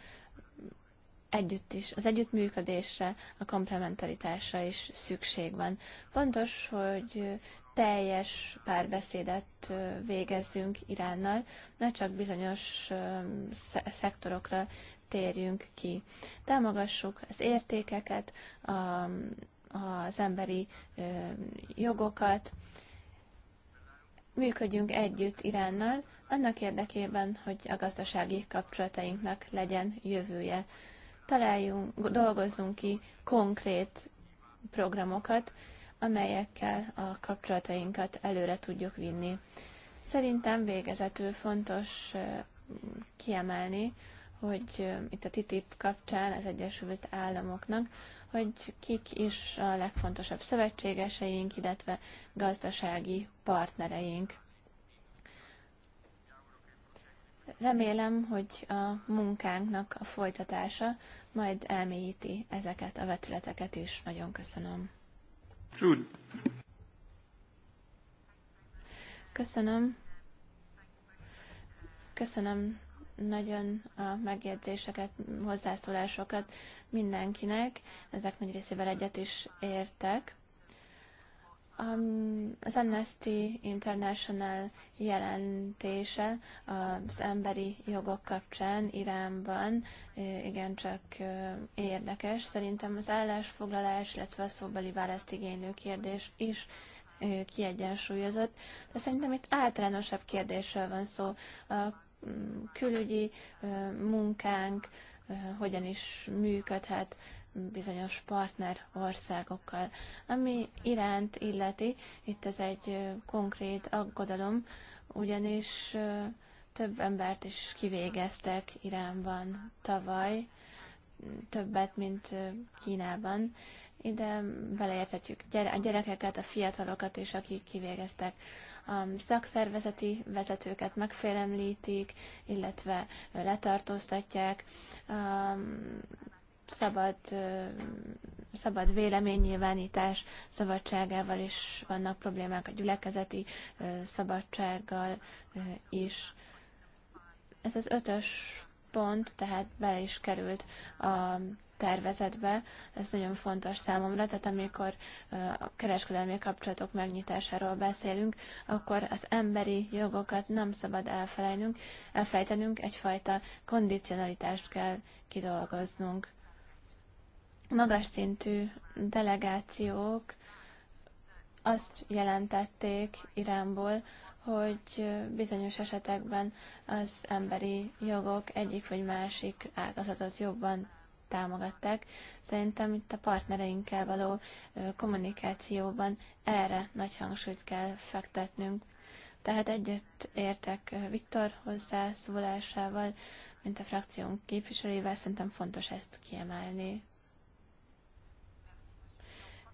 együtt is, az együttműködésre, a komplementaritásra is szükség van. Fontos, hogy teljes párbeszédet végezzünk Iránnal, ne csak bizonyos szektorokra térjünk ki. Támogassuk az értékeket, a az emberi jogokat. Működjünk együtt Iránnal, annak érdekében, hogy a gazdasági kapcsolatainknak legyen jövője. Találjunk, dolgozzunk ki konkrét programokat, amelyekkel a kapcsolatainkat előre tudjuk vinni. Szerintem végezetül fontos kiemelni, hogy itt a TTIP kapcsán az Egyesült Államoknak, hogy kik is a legfontosabb szövetségeseink, illetve gazdasági partnereink. Remélem, hogy a munkánknak a folytatása majd elmélyíti ezeket a vetületeket is. Nagyon köszönöm. Jude. Köszönöm. Köszönöm nagyon a megjegyzéseket, hozzászólásokat mindenkinek, ezek nagy részével egyet is értek. Az Amnesty International jelentése az emberi jogok kapcsán Iránban igencsak érdekes. Szerintem az állásfoglalás, illetve a szóbeli választ igénylő kérdés is kiegyensúlyozott, de szerintem itt általánosabb kérdésről van szó. A külügyi munkánk hogyan is működhet bizonyos partner országokkal. Ami iránt illeti, itt ez egy konkrét aggodalom, ugyanis több embert is kivégeztek Iránban tavaly, többet, mint Kínában, ide beleérthetjük a gyerekeket, a fiatalokat és akik kivégeztek. A szakszervezeti vezetőket megfélemlítik, illetve letartóztatják. A szabad, szabad véleménynyilvánítás szabadságával is vannak problémák, a gyülekezeti szabadsággal is. Ez az ötös pont, tehát bele is került a tervezetbe. Ez nagyon fontos számomra, tehát amikor a kereskedelmi kapcsolatok megnyitásáról beszélünk, akkor az emberi jogokat nem szabad elfelejtenünk, elfelejtenünk egyfajta kondicionalitást kell kidolgoznunk. Magas szintű delegációk azt jelentették Iránból, hogy bizonyos esetekben az emberi jogok egyik vagy másik ágazatot jobban támogatták. Szerintem itt a partnereinkkel való kommunikációban erre nagy hangsúlyt kell fektetnünk. Tehát egyet értek Viktor hozzászólásával, mint a frakciónk képviselőjével, szerintem fontos ezt kiemelni.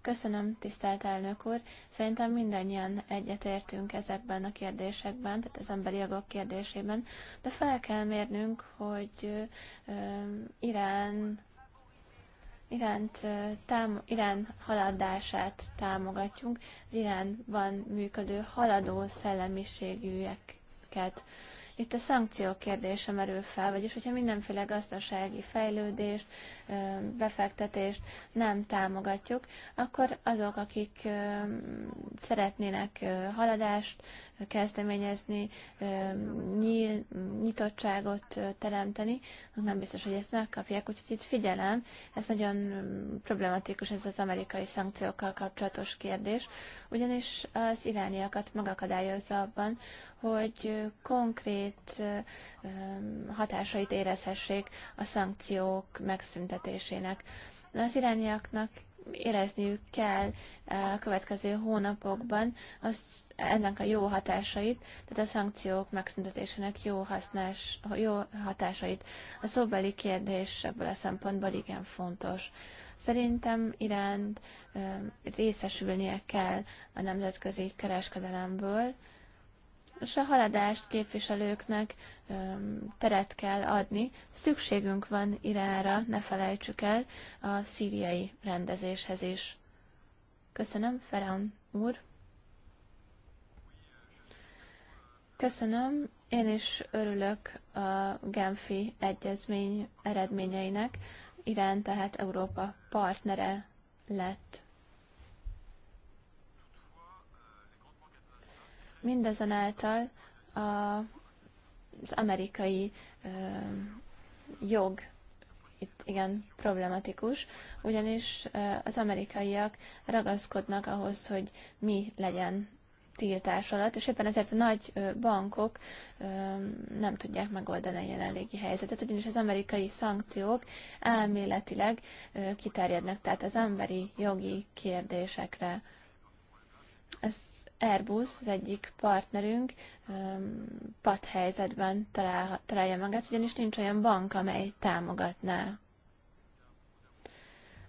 Köszönöm, tisztelt elnök úr. Szerintem mindannyian egyetértünk ezekben a kérdésekben, tehát az emberi jogok kérdésében, de fel kell mérnünk, hogy Irán Iránt, tám, Irán haladását támogatjunk, az Iránban működő haladó szellemiségűeket. Itt a szankciók kérdése merül fel, vagyis hogyha mindenféle gazdasági fejlődést, befektetést nem támogatjuk, akkor azok, akik szeretnének haladást, kezdeményezni, nyíl, nyitottságot teremteni, nem biztos, hogy ezt megkapják, úgyhogy itt figyelem, ez nagyon problematikus ez az amerikai szankciókkal kapcsolatos kérdés, ugyanis az irániakat megakadályozza abban, hogy konkrét hatásait érezhessék a szankciók megszüntetésének. Az irániaknak érezniük kell eh, a következő hónapokban az ennek a jó hatásait, tehát a szankciók megszüntetésének jó, hasznás, jó hatásait. A szóbeli kérdés ebből a szempontból igen fontos. Szerintem Iránt eh, részesülnie kell a nemzetközi kereskedelemből, és a haladást képviselőknek teret kell adni. Szükségünk van Irára, ne felejtsük el, a szíriai rendezéshez is. Köszönöm, Ferán úr. Köszönöm, én is örülök a Genfi egyezmény eredményeinek. Irán tehát Európa partnere lett. Mindezenáltal a, az amerikai ö, jog itt igen problematikus, ugyanis az amerikaiak ragaszkodnak ahhoz, hogy mi legyen tiltás alatt, és éppen ezért a nagy bankok nem tudják megoldani a jelenlegi helyzetet, ugyanis az amerikai szankciók elméletileg kiterjednek, tehát az emberi jogi kérdésekre. Ezt Airbus, az egyik partnerünk um, pat helyzetben talál, találja magát, ugyanis nincs olyan bank, amely támogatná.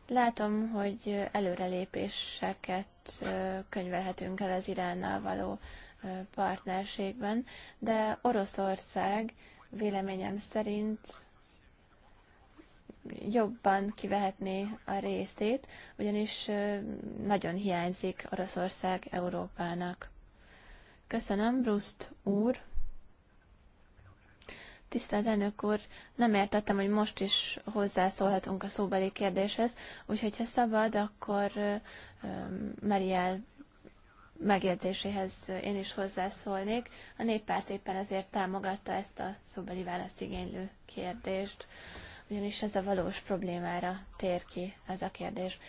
Látom, hogy előrelépéseket könyvelhetünk el az Iránnal való partnerségben, de Oroszország véleményem szerint jobban kivehetné a részét, ugyanis nagyon hiányzik Oroszország Európának. Köszönöm, Brust úr. Tisztelt elnök úr, nem értettem, hogy most is hozzászólhatunk a szóbeli kérdéshez, úgyhogy ha szabad, akkor Mariel megjegyzéséhez én is hozzászólnék. A néppárt éppen ezért támogatta ezt a szóbeli igénylő kérdést ugyanis ez a valós problémára tér ki ez a kérdés.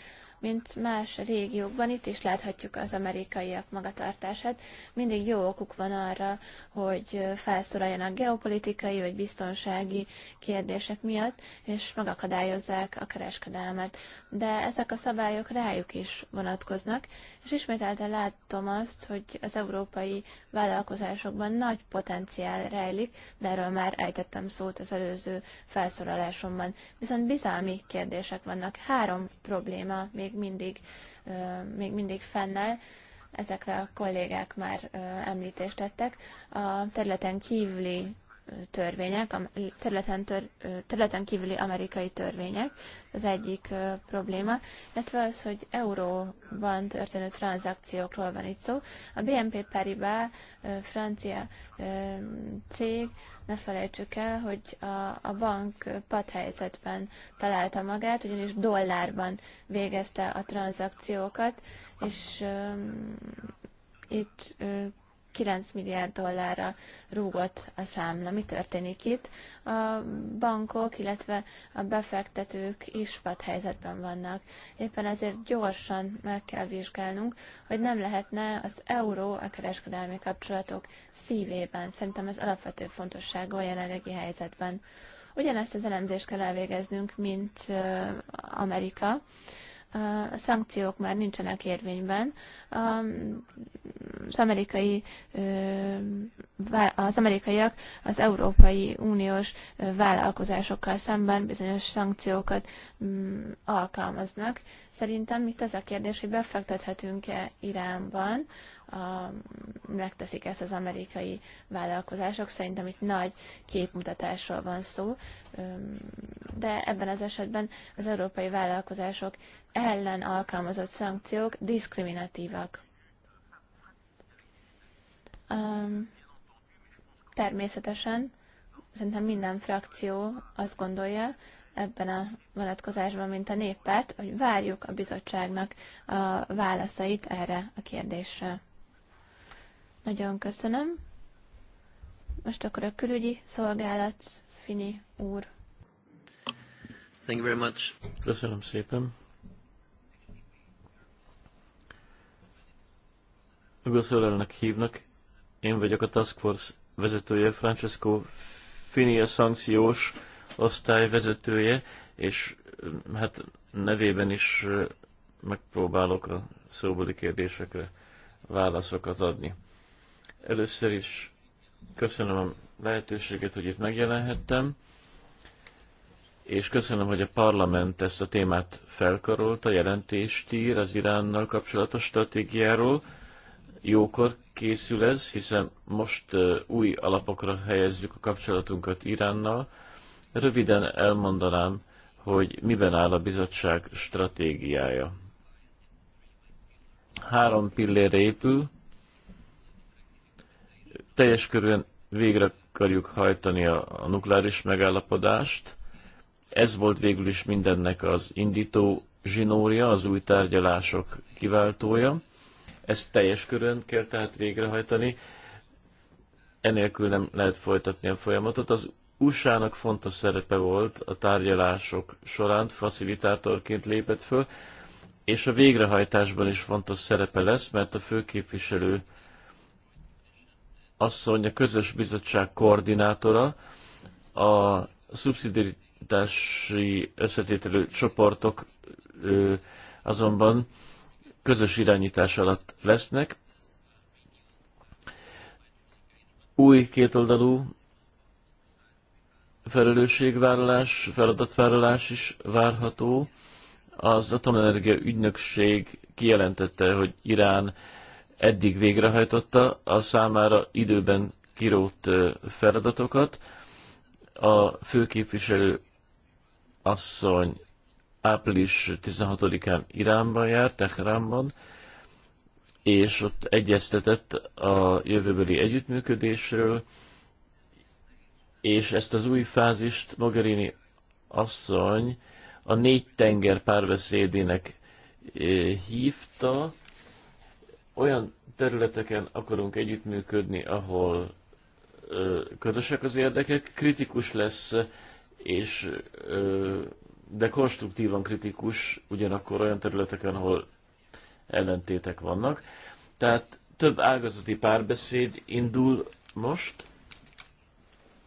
Mint más régiókban, itt is láthatjuk az amerikaiak magatartását. Mindig jó okuk van arra, hogy felszólaljanak geopolitikai vagy biztonsági kérdések miatt, és megakadályozzák a kereskedelmet. De ezek a szabályok rájuk is vonatkoznak, és ismételten látom azt, hogy az európai vállalkozásokban nagy potenciál rejlik, de erről már ejtettem szót az előző felszólalásomban. Viszont bizalmi kérdések vannak. Három probléma még mindig, még mindig fennáll ezekre a kollégák már említést tettek, a területen kívüli törvények, területen, tör, területen kívüli amerikai törvények, az egyik probléma, illetve az, hogy euróban történő tranzakciókról van itt szó. A BNP Paribas francia cég, ne felejtsük el, hogy a, a bank padhelyzetben találta magát, ugyanis dollárban végezte a tranzakciókat, és itt 9 milliárd dollárra rúgott a számla. Mi történik itt? A bankok, illetve a befektetők is helyzetben vannak. Éppen ezért gyorsan meg kell vizsgálnunk, hogy nem lehetne az euró a kereskedelmi kapcsolatok szívében. Szerintem ez alapvető fontosságú a jelenlegi helyzetben. Ugyanezt az elemzést kell elvégeznünk, mint Amerika a szankciók már nincsenek érvényben. Az, amerikai, az amerikaiak az Európai Uniós vállalkozásokkal szemben bizonyos szankciókat mm, alkalmaznak. Szerintem itt az a kérdés, hogy befektethetünk-e Iránban a, megteszik ezt az amerikai vállalkozások. Szerintem itt nagy képmutatásról van szó, de ebben az esetben az európai vállalkozások ellen alkalmazott szankciók diszkriminatívak. Természetesen szerintem minden frakció azt gondolja, ebben a vonatkozásban, mint a néppárt, hogy várjuk a bizottságnak a válaszait erre a kérdésre. Nagyon köszönöm. Most akkor a külügyi szolgálat, Fini úr. Thank you very much. Köszönöm szépen. Ügözölelnek hívnak. Én vagyok a Task Force vezetője, Francesco Fini a szankciós osztály vezetője, és mm, hát nevében is mm, megpróbálok a szóbeli kérdésekre válaszokat adni. Először is köszönöm a lehetőséget, hogy itt megjelenhettem, és köszönöm, hogy a parlament ezt a témát felkarolta, jelentést ír az Iránnal kapcsolatos stratégiáról. Jókor készül ez, hiszen most új alapokra helyezzük a kapcsolatunkat Iránnal. Röviden elmondanám, hogy miben áll a bizottság stratégiája. Három pillére épül, teljes körűen végre akarjuk hajtani a, a nukleáris megállapodást. Ez volt végül is mindennek az indító zsinórja, az új tárgyalások kiváltója. Ezt teljes körön kell tehát végrehajtani. Enélkül nem lehet folytatni a folyamatot. Az USA-nak fontos szerepe volt a tárgyalások során, facilitátorként lépett föl, és a végrehajtásban is fontos szerepe lesz, mert a főképviselő képviselő asszony a közös bizottság koordinátora, a szubszidiritási összetételő csoportok azonban közös irányítás alatt lesznek. Új kétoldalú felelősségvállalás, feladatvállalás is várható. Az Atomenergia Ügynökség kijelentette, hogy Irán eddig végrehajtotta a számára időben kirót feladatokat. A főképviselő asszony április 16-án Iránban járt, Tehránban, és ott egyeztetett a jövőbeli együttműködésről, és ezt az új fázist Mogherini asszony a négy tenger párbeszédének hívta, olyan területeken akarunk együttműködni, ahol közösek az érdekek, kritikus lesz, és de konstruktívan kritikus, ugyanakkor olyan területeken, ahol ellentétek vannak. Tehát több ágazati párbeszéd indul most,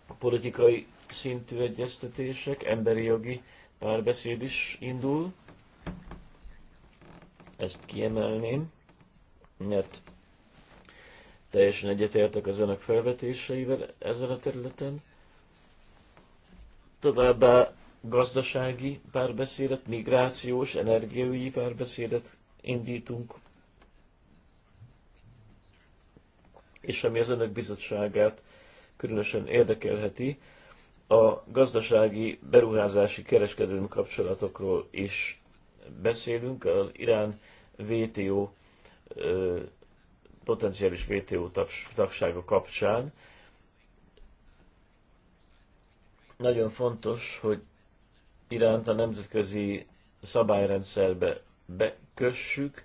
a politikai szintű egyeztetések, emberi jogi párbeszéd is indul, ezt kiemelném nyert. Teljesen egyetértek az önök felvetéseivel ezen a területen. Továbbá gazdasági párbeszédet, migrációs, energiaügyi párbeszédet indítunk. És ami az önök bizottságát különösen érdekelheti, a gazdasági beruházási kereskedelmi kapcsolatokról is beszélünk, az Irán VTO potenciális WTO tagsága kapcsán. Nagyon fontos, hogy Iránt a nemzetközi szabályrendszerbe bekössük,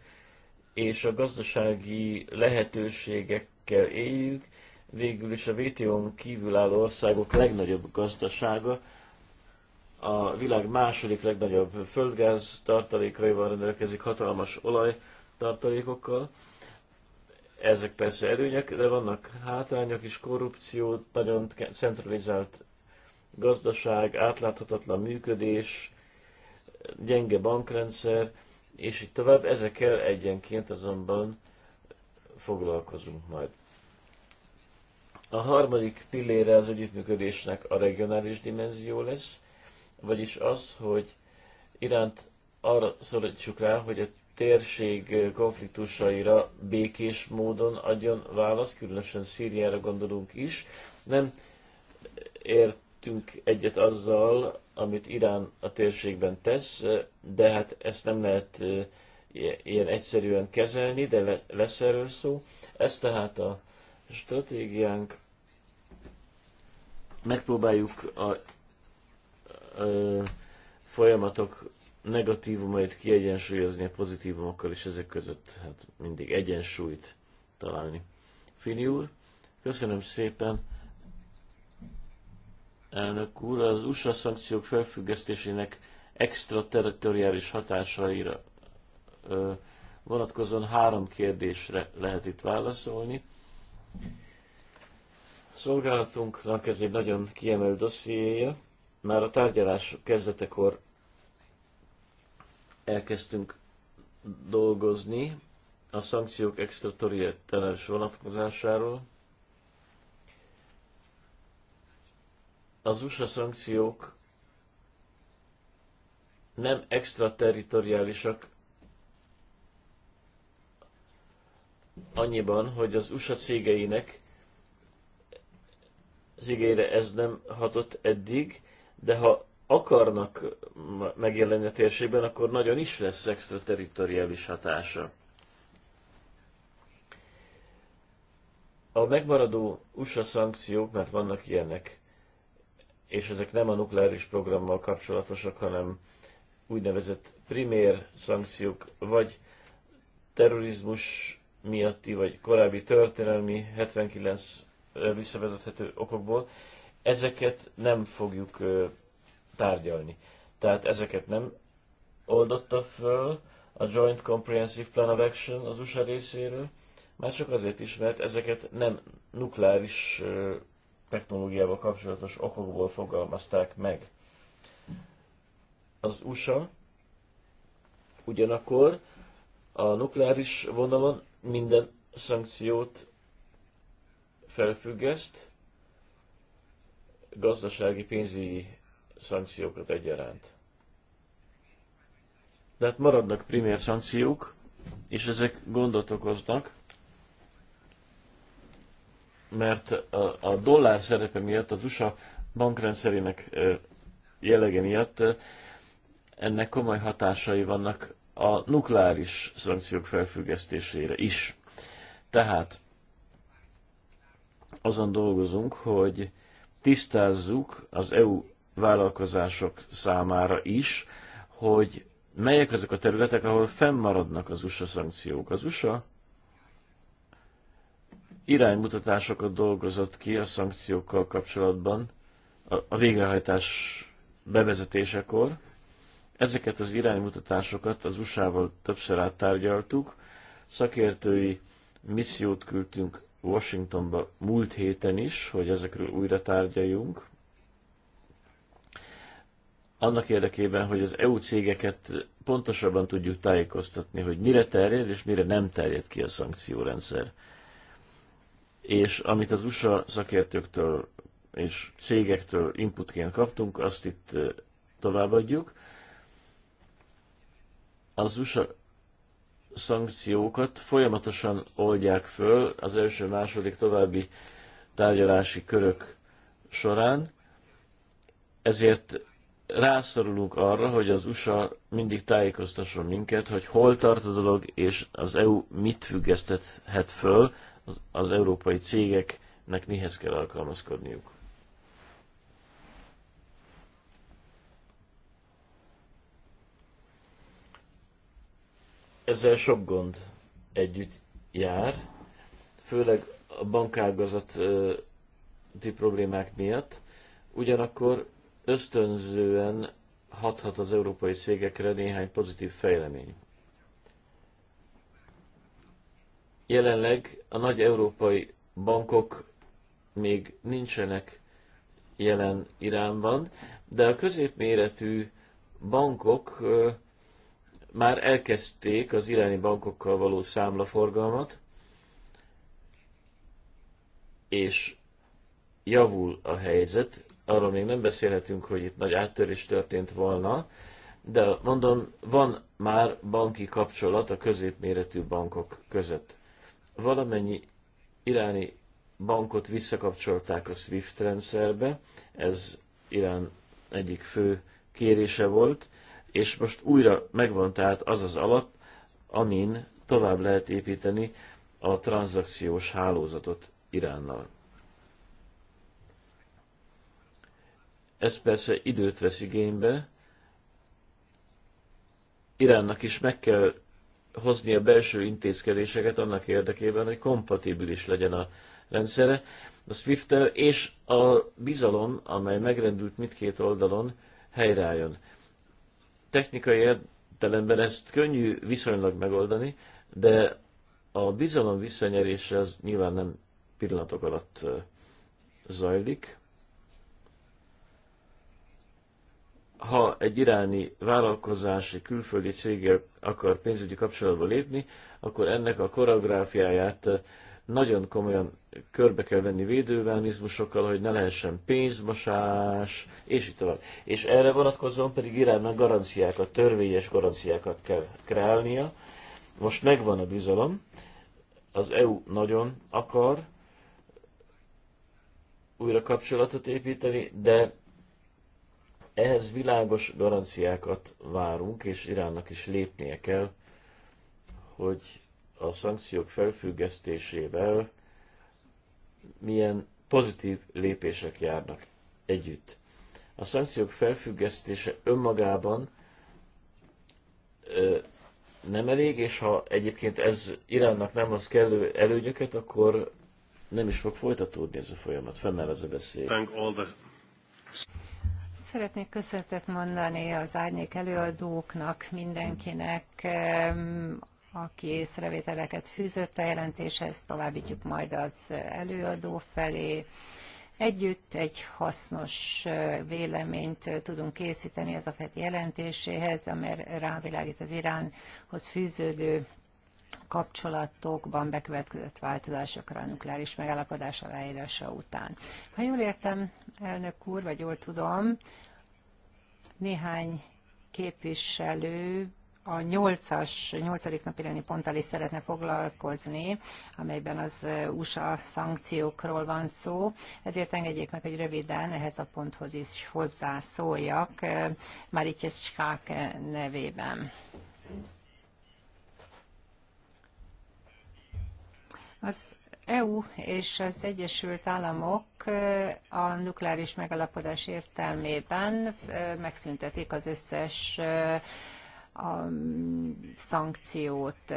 és a gazdasági lehetőségekkel éljük. Végül is a WTO-n kívül álló országok legnagyobb gazdasága, a világ második legnagyobb földgáz tartalékaival rendelkezik, hatalmas olaj, tartalékokkal. Ezek persze előnyek, de vannak hátrányok is, korrupció, nagyon centralizált gazdaság, átláthatatlan működés, gyenge bankrendszer, és így tovább. Ezekkel egyenként azonban foglalkozunk majd. A harmadik pillére az együttműködésnek a regionális dimenzió lesz, vagyis az, hogy iránt arra szorítsuk rá, hogy a térség konfliktusaira békés módon adjon választ, különösen Szíriára gondolunk is. Nem értünk egyet azzal, amit Irán a térségben tesz, de hát ezt nem lehet ilyen egyszerűen kezelni, de lesz erről szó. Ez tehát a stratégiánk. Megpróbáljuk a, a folyamatok negatívumait kiegyensúlyozni a pozitívumokkal, és ezek között hát mindig egyensúlyt találni. Fini úr, köszönöm szépen. Elnök úr, az USA szankciók felfüggesztésének extraterritoriális hatásaira ö, vonatkozóan három kérdésre lehet itt válaszolni. A szolgálatunknak ez egy nagyon kiemelt dossziéja. Már a tárgyalás kezdetekor elkezdtünk dolgozni a szankciók extraterritoriális vonatkozásáról. Az USA szankciók nem extraterritoriálisak annyiban, hogy az USA cégeinek cégeire ez nem hatott eddig, de ha akarnak megjelenni a térségben, akkor nagyon is lesz extraterritoriális hatása. A megmaradó USA szankciók, mert vannak ilyenek, és ezek nem a nukleáris programmal kapcsolatosak, hanem úgynevezett primér szankciók, vagy terrorizmus miatti, vagy korábbi történelmi 79 visszavezethető okokból, ezeket nem fogjuk tárgyalni. Tehát ezeket nem oldotta föl a Joint Comprehensive Plan of Action az USA részéről, már csak azért is, mert ezeket nem nukleáris technológiával kapcsolatos okokból fogalmazták meg. Az USA ugyanakkor a nukleáris vonalon minden szankciót felfüggeszt, gazdasági pénzügyi szankciókat egyaránt. De hát maradnak primér szankciók, és ezek gondot okoznak, mert a, a dollár szerepe miatt, az USA bankrendszerének jellege miatt ennek komoly hatásai vannak a nukleáris szankciók felfüggesztésére is. Tehát azon dolgozunk, hogy tisztázzuk az EU vállalkozások számára is, hogy melyek azok a területek, ahol fennmaradnak az USA szankciók. Az USA iránymutatásokat dolgozott ki a szankciókkal kapcsolatban a végrehajtás bevezetésekor. Ezeket az iránymutatásokat az USA-val többször áttárgyaltuk, szakértői missziót küldtünk Washingtonba múlt héten is, hogy ezekről újra tárgyaljunk annak érdekében, hogy az EU cégeket pontosabban tudjuk tájékoztatni, hogy mire terjed és mire nem terjed ki a szankciórendszer. És amit az USA szakértőktől és cégektől inputként kaptunk, azt itt továbbadjuk. Az USA szankciókat folyamatosan oldják föl az első, második, további tárgyalási körök során, ezért rászorulunk arra, hogy az USA mindig tájékoztasson minket, hogy hol tart a dolog, és az EU mit függesztethet föl, az, az európai cégeknek mihez kell alkalmazkodniuk. Ezzel sok gond együtt jár, főleg a bankágazati problémák miatt, ugyanakkor ösztönzően hathat az európai cégekre néhány pozitív fejlemény. Jelenleg a nagy európai bankok még nincsenek jelen Iránban, de a középméretű bankok már elkezdték az iráni bankokkal való számlaforgalmat, és javul a helyzet, arról még nem beszélhetünk, hogy itt nagy áttörés történt volna, de mondom, van már banki kapcsolat a középméretű bankok között. Valamennyi iráni bankot visszakapcsolták a SWIFT rendszerbe, ez Irán egyik fő kérése volt, és most újra megvan tehát az az alap, amin tovább lehet építeni a tranzakciós hálózatot Iránnal. Ez persze időt vesz igénybe. Iránnak is meg kell hozni a belső intézkedéseket annak érdekében, hogy kompatibilis legyen a rendszere, a swift és a bizalom, amely megrendült mindkét oldalon, helyreálljon. Technikai értelemben ezt könnyű viszonylag megoldani, de a bizalom visszanyerése az nyilván nem pillanatok alatt zajlik. ha egy iráni vállalkozási külföldi céggel akar pénzügyi kapcsolatba lépni, akkor ennek a koreográfiáját eh, nagyon komolyan körbe kell venni védővelmizmusokkal, hogy ne lehessen pénzmosás, és így tovább. És erre vonatkozóan pedig Iránnak garanciákat, törvényes garanciákat kell kreálnia. Most megvan a bizalom, az EU nagyon akar újra kapcsolatot építeni, de ehhez világos garanciákat várunk, és Iránnak is lépnie kell, hogy a szankciók felfüggesztésével milyen pozitív lépések járnak együtt. A szankciók felfüggesztése önmagában ö, nem elég, és ha egyébként ez Iránnak nem az kellő előnyöket, akkor nem is fog folytatódni ez a folyamat, fennáll ez a veszély. Szeretnék köszönetet mondani az árnyék előadóknak, mindenkinek, aki észrevételeket fűzött a jelentéshez, továbbítjuk majd az előadó felé. Együtt egy hasznos véleményt tudunk készíteni ez a FET jelentéséhez, amely rávilágít az Iránhoz fűződő kapcsolatokban bekövetkezett változásokra a nukleáris megállapodás aláírása után. Ha jól értem, elnök úr, vagy jól tudom, néhány képviselő a nyolcas nyolcadik 8. napirendi ponttal is szeretne foglalkozni, amelyben az USA szankciókról van szó. Ezért engedjék meg, hogy röviden ehhez a ponthoz is hozzászóljak eh, Marítjes Skák nevében. Az EU és az Egyesült Államok eh, a nukleáris megalapodás értelmében eh, megszüntetik az összes eh, a szankciót.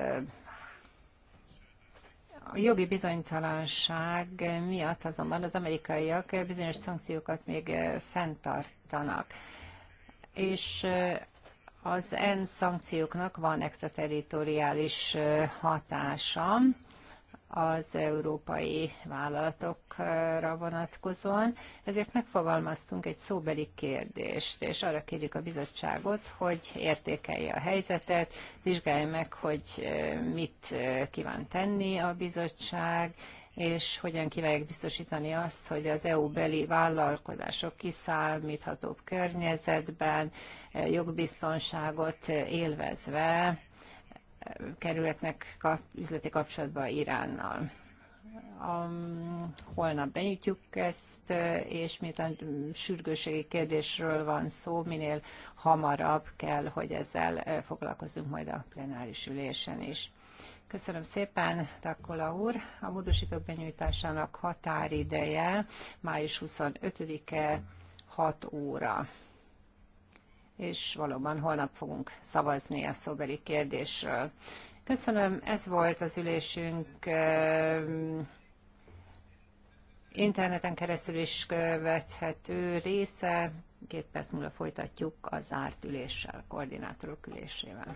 A jogi bizonytalanság miatt azonban az amerikaiak bizonyos szankciókat még fenntartanak. És az en szankcióknak van extraterritoriális hatása, az európai vállalatokra vonatkozóan, ezért megfogalmaztunk egy szóbeli kérdést, és arra kérjük a bizottságot, hogy értékelje a helyzetet, vizsgálja meg, hogy mit kíván tenni a bizottság, és hogyan kívánják biztosítani azt, hogy az EU-beli vállalkozások kiszámíthatóbb környezetben, jogbiztonságot élvezve kerületnek kap, üzleti kapcsolatba Iránnal. Um, holnap benyújtjuk ezt, és miután sürgőségi kérdésről van szó, minél hamarabb kell, hogy ezzel eh, foglalkozunk majd a plenáris ülésen is. Köszönöm szépen, Takkola úr. A módosítók benyújtásának határideje május 25-e 6 óra és valóban holnap fogunk szavazni a szóbeli kérdésről. Köszönöm, ez volt az ülésünk. Interneten keresztül is követhető része. Két perc múlva folytatjuk az zárt üléssel, koordinátorok ülésével.